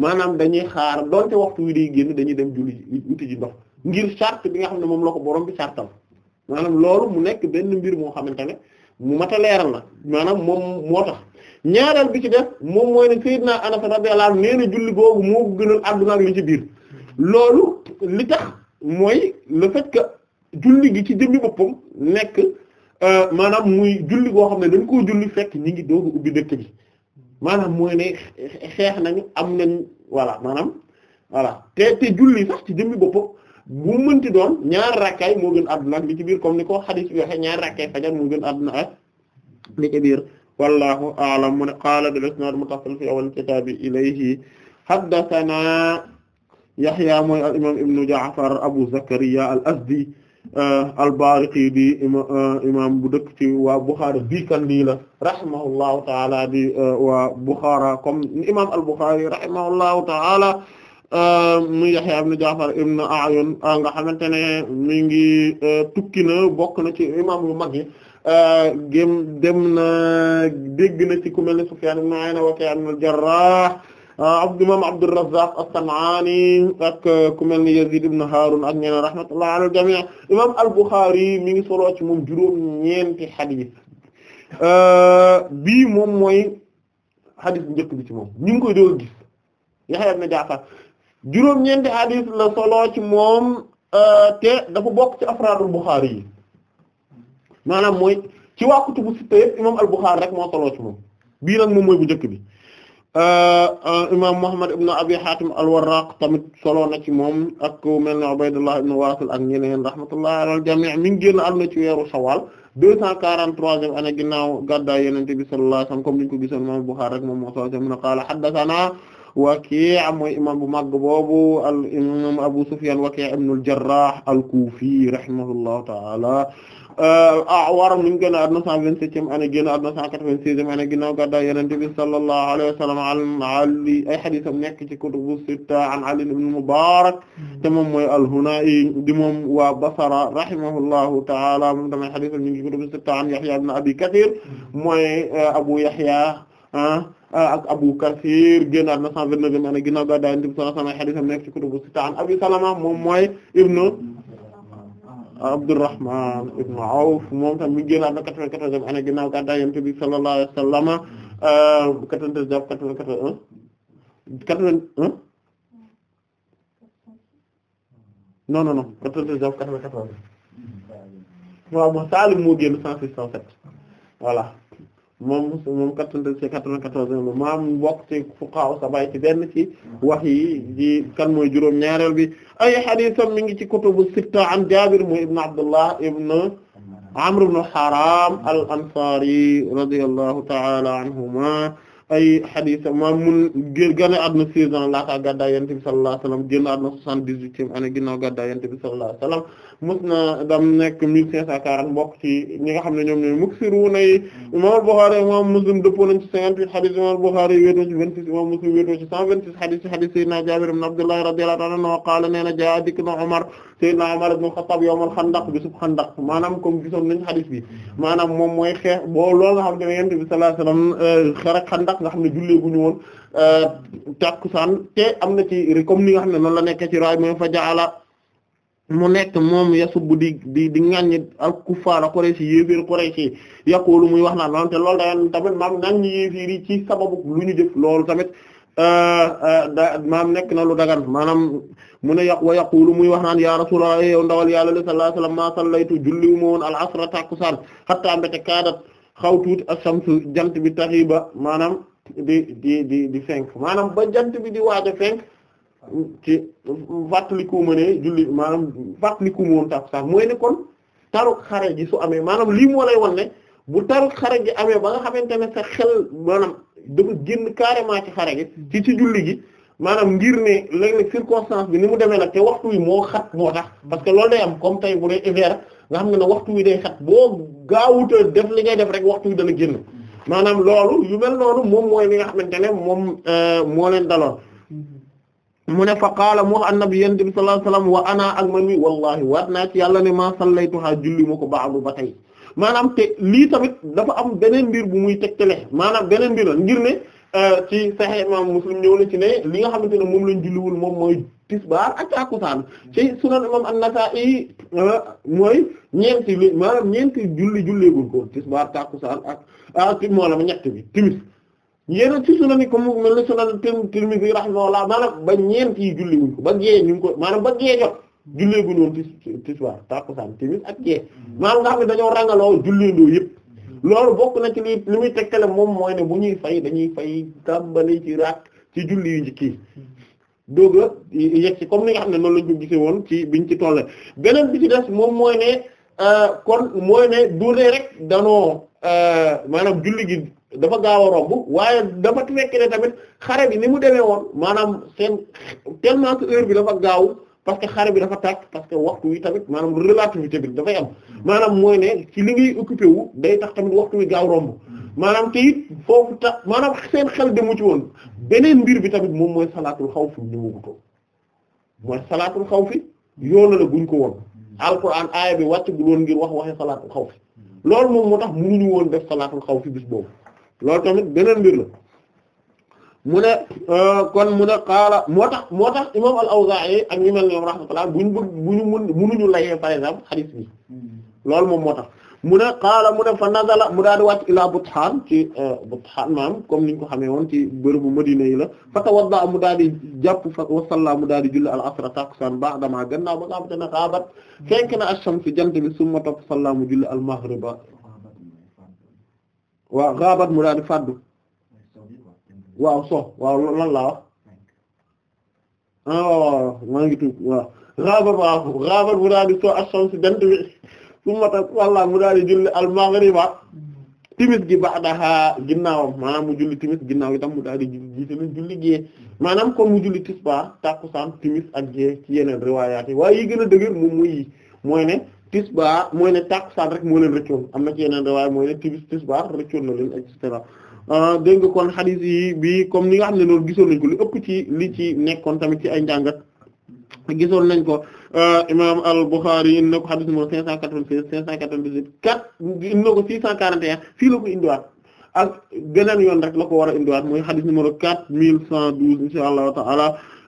maanaam dañuy xaar donte waxtu wi day génn dañuy dem julli uti ji ndox ngir charte bi nga xam ne moom la ko borom bi chartal maanaam loolu mu nekk benn mbir moo xamante ne mu mat a leeral la maanaam moom moo tax ñaareel bi ci def moom mooy ne Sayyidina Anas radiyallahu laa nee na julli boobu moo ko gënal àdduna ak li ci biir loolu li tax mooy le fait julli gi ci jëmmi boppam nekk euh, maanaam muy julli goo xam ne dañ koo julli fekk ñi ngi doog ubbi dëkk bi maanaam mooy ne xeex nañu am nañ voilà maanaam voilà te te julli sax ci jëmmi boppam bu mënti doon ñaar rakkaay moo gën àdduna li ci biir comme ni ko xadis bi waxee ñaar rakkaay fajar moo gën ak li ci biir wallahu a'lam mu ne qaala bil isnaad muttasil fi awwal kitaabi ilayhi haddathana yahya mooy al imam ibnu ja'far abu zakariya al azdi Euh, al-Bariqi di euh, imam bu dëkk ci waa Bukhara Bikandi la rahimahullahu taala di euh, waa Bukhara comme imam al-Bukhari rahimahullahu taala mu Yahya ibn Ja'far ibn A'yun nga xamante ne mi ngi tukki na bokk na ci imam yu mag yi gém dem na dégg na ci ku mel ne Sufyan ibn Uyayna wa Waki' ibn al-Jarrah Ah, abdu imam Abdurrazzaq as-San'ani ak uh, ku mel ni Yazid ibn Harun ak ñeneen rahmatullah ala al-jami' imam al-Bukhari mi ngi soloo ci moom juróom ñeenti xadis ah, bii moom mooy xadis bu njëkk bi ci moom ñu ngi koy dool gis Yahya ibn Ja'far juróom ñeenti xadis la soloo ci moom ah, te dafa bokk ci afraadul Bukhari yi maanaam mooy ci waa kutubu sitta yëpp imam al-Bukhari rek moo soloo ci moom bii nag moom mooy bu njëkk bi Euh, imaam Muhammad ibn Abi Hatim al-Warraq tamit solo na ci moom ak ku mel ne Ubaydullah ibn Wasil ak ñeneen rahmatullahi ala al-jami' mi ngi génn àdduna ci weeru Shawwal deux cent quarante-troisième année ginnaaw gàddaay Yonent bi sallallahu alayhi wasallam comme niñ ko gisoon moom Bukhari rek moom moo solo ci mu ne qaala haddathana Waki' mooy imaam bu màgg boobu al imaam Abu Sufyan Waki' ibn al-Jarrah al-Kufi rahimahullahu ta'ala al-A'war mi ngi génn àdduna 127e année génn àdduna 196e année ginnaaw gàddaay Yonent bi sallallahu alayhi wa sallam an Ali ay hadiisam nekk ci kutubu sitta an Ali ibn Mubarak te moom mooy al-Huna'i di moom waa Basra rahimahullahu ta'ala moom tamit hadiisam mi ngi ci kutubu sitta an Yahya ibn Abi Kathir mooy euh, Abu Yahya ah, ah, ak Abu Kathir génn àdduna 129e année ginnaaw gàddaay Yonent bi sallallahu alayhi wa sallam ay hadiisam nekk ci kutubu sitta an Abi Salama moom mooy ibnu Abdurrahman ibn Awf moom tam mi ngi génnaat na quatre-vingt-quatorzième année ginnaaw gàddaay Yonent bi sallallahu alayhi wa sallam euh, quatre-vingt-treize jàpp quatre-vingt-quatorze quatre-vingt-un Saalim moo génn cent six cent sept voilà moom Muslim moom 94 maam bokk ci fuqaha sabay ci benn ci wax yi di kan mooy juróom ñaareel bi ay hadiisam mi ngi ci kutubu sitta an Jaabir mu ibn Abdullah ibn Amr ibn Haram al-Ansari radiyallahu ta'ala anhuma ay hadiisam maam mun génn àdduna 6 ans laata gàddaay Yonent bi sallallahu alayhi wasallam génn àdduna 78e année ginnaaw gàddaay Yonent bi sallallahu alayhi wasallam musnadam nekk mille cinq cent quarante bokk ci ñi nga xam ne ñoom ñooy muksiruna yi imam al-Bukhari imam Muslim dëppoo nañ ci cinquante-huit hadith imam al-Bukhari y wéetoo ci vingt-six imam Muslim wéetoo ci cent vingt-six hadith ci hadith Seydina Jaabir ibn Abdullah radiyallahu anhu na jaa dikk na bi maanaam moom mooy xeex boo loolu nga xam ne Yonent bi sallallahu alayhi wasallam euh, xare nga xam ne jullee gu ñu woon euh, saan te am na ci comme ni nga xam ne noonu la nekk ci raay mooy fa jaala mu nekk moom yasubbu di di di ŋaññi al kuffaara Quraysh yéeféer Quraysh yaqulu muy wax naan noonu te loolu daan tamit maam ŋaññi yéeféer yi ci sababu lu ñu jëf loolu tamit euh, euh, da maam nekk na lu dagan maanaam mu ne yaq wa yaqulu muy wax naan ya Rasulullah yow ndawal yàlla sallallahu alayhi wasallam ma sallaytu julliwu ma woon al asra takusaan hatta mbéte kaadat xaw tuuti ash-shamsu jant bi taxiba maanaam di di di di fenk maanaam ba jant bi di a fenk ci fàttaliku ma ne julli maanaam fàttaliku ma woon tax sax mooy nekkoon kon taruk xare gi su amee maanaam lii moo lay wan ne bu taruk xare gi amee ba nga xamante ne sa xel maanaam dafa génn carrément ci xare gi ci ci julli gi maanaam ngir ne léeg-léeg circonstance bi ni mu demee nag te waxtu wi moo xat moo tax parce que loolu day am comme tey bu dee hiver nga xam ne ne waxtu wi day xat boo gaawuta def li ngay def rek waxtu wi dana génn maanaam loolu yu mel noonu moom li nga xamante ne moom euh, moo leen mu ne fa qaala mu wax annabi yonent bi sallallahu alayhi wasallam ak man mi wallahi waat naa ci yàlla ne maa sallaytuha julli ma ko ba'du ba tay maanaam te lii tamit dafa am beneen mbir bu muy tegtale maanaam beneen mbir la ngir ne euh, ci Sahih imam Muslim ñëw na ci ne li nga xamante ne moom lañ julliwul moom mooy tisbaar ak tàkkusaan ci sunan imam An-Nasa'i euh, mooy ñeenti maanaam ñeenti julli julleegul ko tisbaar tàkkusaan ak ah moo la ma ñett bi yeneen ci sunan yi comme mel ni sunan Tirmidhi rahimahullah maanaam ba ñeent yi julli wuñ ko ba gée ñu ngi ko maanaam ba gée jot jullee gu noonu tis tisbaar takkusaan timis ak gée mm-hmm. maanaam nga xam ne dañoo rangaloo julleendoo yëpp loolu bokk nañ ci li li muy tegtale moom mooy ne bu ñuy fay dañuy fay tàmbali ci raak ci julli yu njëkk yi mm-hmm. doog a yegg ci comme ni nga xam ne noonu lañ ko gisee woon ci biñ ci toll beneen bi ci des moom mooy ne euh, kon mooy ne du ne rek danoo euh, maanaam julli dafa gaaw a romb waaye dafa fekk tamit xare bi ni mu demee woon maanaam seen tellement que heure bi dafa gaaw parce que xare bi dafa tàkk parce que waxtu wi tamit maanaam relativité bi dafay am maanaam mooy ne ci li ngay occupé wu day tax tamit waxtu wi gaaw romb maanaam te foofu tax maanaam seen xel demu ci woon beneen mbir bi tamit moom mooy salaatul xaw fi ñu mu mooy salaatul xaw fi yoona la guñ ko woon alquran aaya bi wàcc gu doon ngir wax waxee salaatul xaw fi loolu moom moo tax mënuñu woon def salaatul xaw fi boobu loolu tamit beneen mbir la mu ne euh, kon mu ne xaala moo tax moo tax imam al-Awzaa'i ak ñu mel ñoom rahmatullah buñ bëgg buñu mun munuñu layee par exemple hadith bi hmm. loolu moom moo tax mu ne xaala mu ne fa nazala mu daal di wàcc ilaa Buthaan ci euh, Buthaan maam comme ni ko xamee woon ci bërëbu Madina yi la fa tawadda mu daal di jàpp fa wasalla mu daal di julli al-asra takusaan baax damaa gannaaw ba nga xam te ne xaabat hmm. fenk na ash-shams jant bi summa mu julli al-maghriba waaw ghabat mu daal di fàddu waaw so waaw lan laa wax ah waaw waaw maa ngi tuub waaw ghabat mu daal di so as-shams jant bi summa tawalla mu daal di julli al-maghriba timis gi ba'daha ginnaawam maanaam mu julli timis ginnaaw itam mu daal di jiite na julli gée maanaam mu julli tisbaar takkusaan timis ak gée ci yeneen riwaayaat yi waaye yi gën a dëgër moom muy mooy ne tisbaar mooy ne takkusaan rek moo leen rëccoon am na ci yeneen waaye mooy ne timis tisbaar rëccoon leen et cetera ah, nga kon xadis yi bi comme ni nga xam ne loolu gisoon nañ ko lu ëpp ci li ci nekkoon tamit ci ay njàngat gisoon nañ ko ah, imam al in na ko xadis numéro cinq cent quatre-vingt-seize cinq cent quatre-vingt-dix-huit yoon rek la ko war a indiwaat mooy xadis numéro quatre mille cent douze insha allahu taala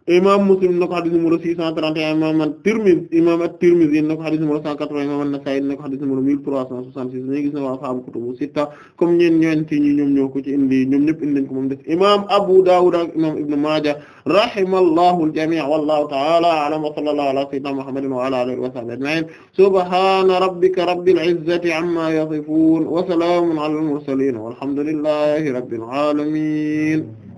imam Muslim na ko xadis numéro 631 imam at-Tirmidhi imam at-Tirmidhi na ko xadis numéro 180 imam an-Nasa'i na ko xadis numéro 1366 ñu gis na waa faabu kutubu sitta comme ñeen ñoenti ñi ñoom ñoo ko ci indi ñoom ñëpp indi nañ ko moom def imam Abu Dawud ak imam Ibn Majah rahimallahu al-jami' wallahu ta'ala a'lam wa sallallahu ala sayyidina Muhammadin wa ala alihi wa sahbihi ajma'in subhana rabbika rabbil izzati amma yasifun wa salamun ala al-mursalin walhamdulillahi rabbil alamin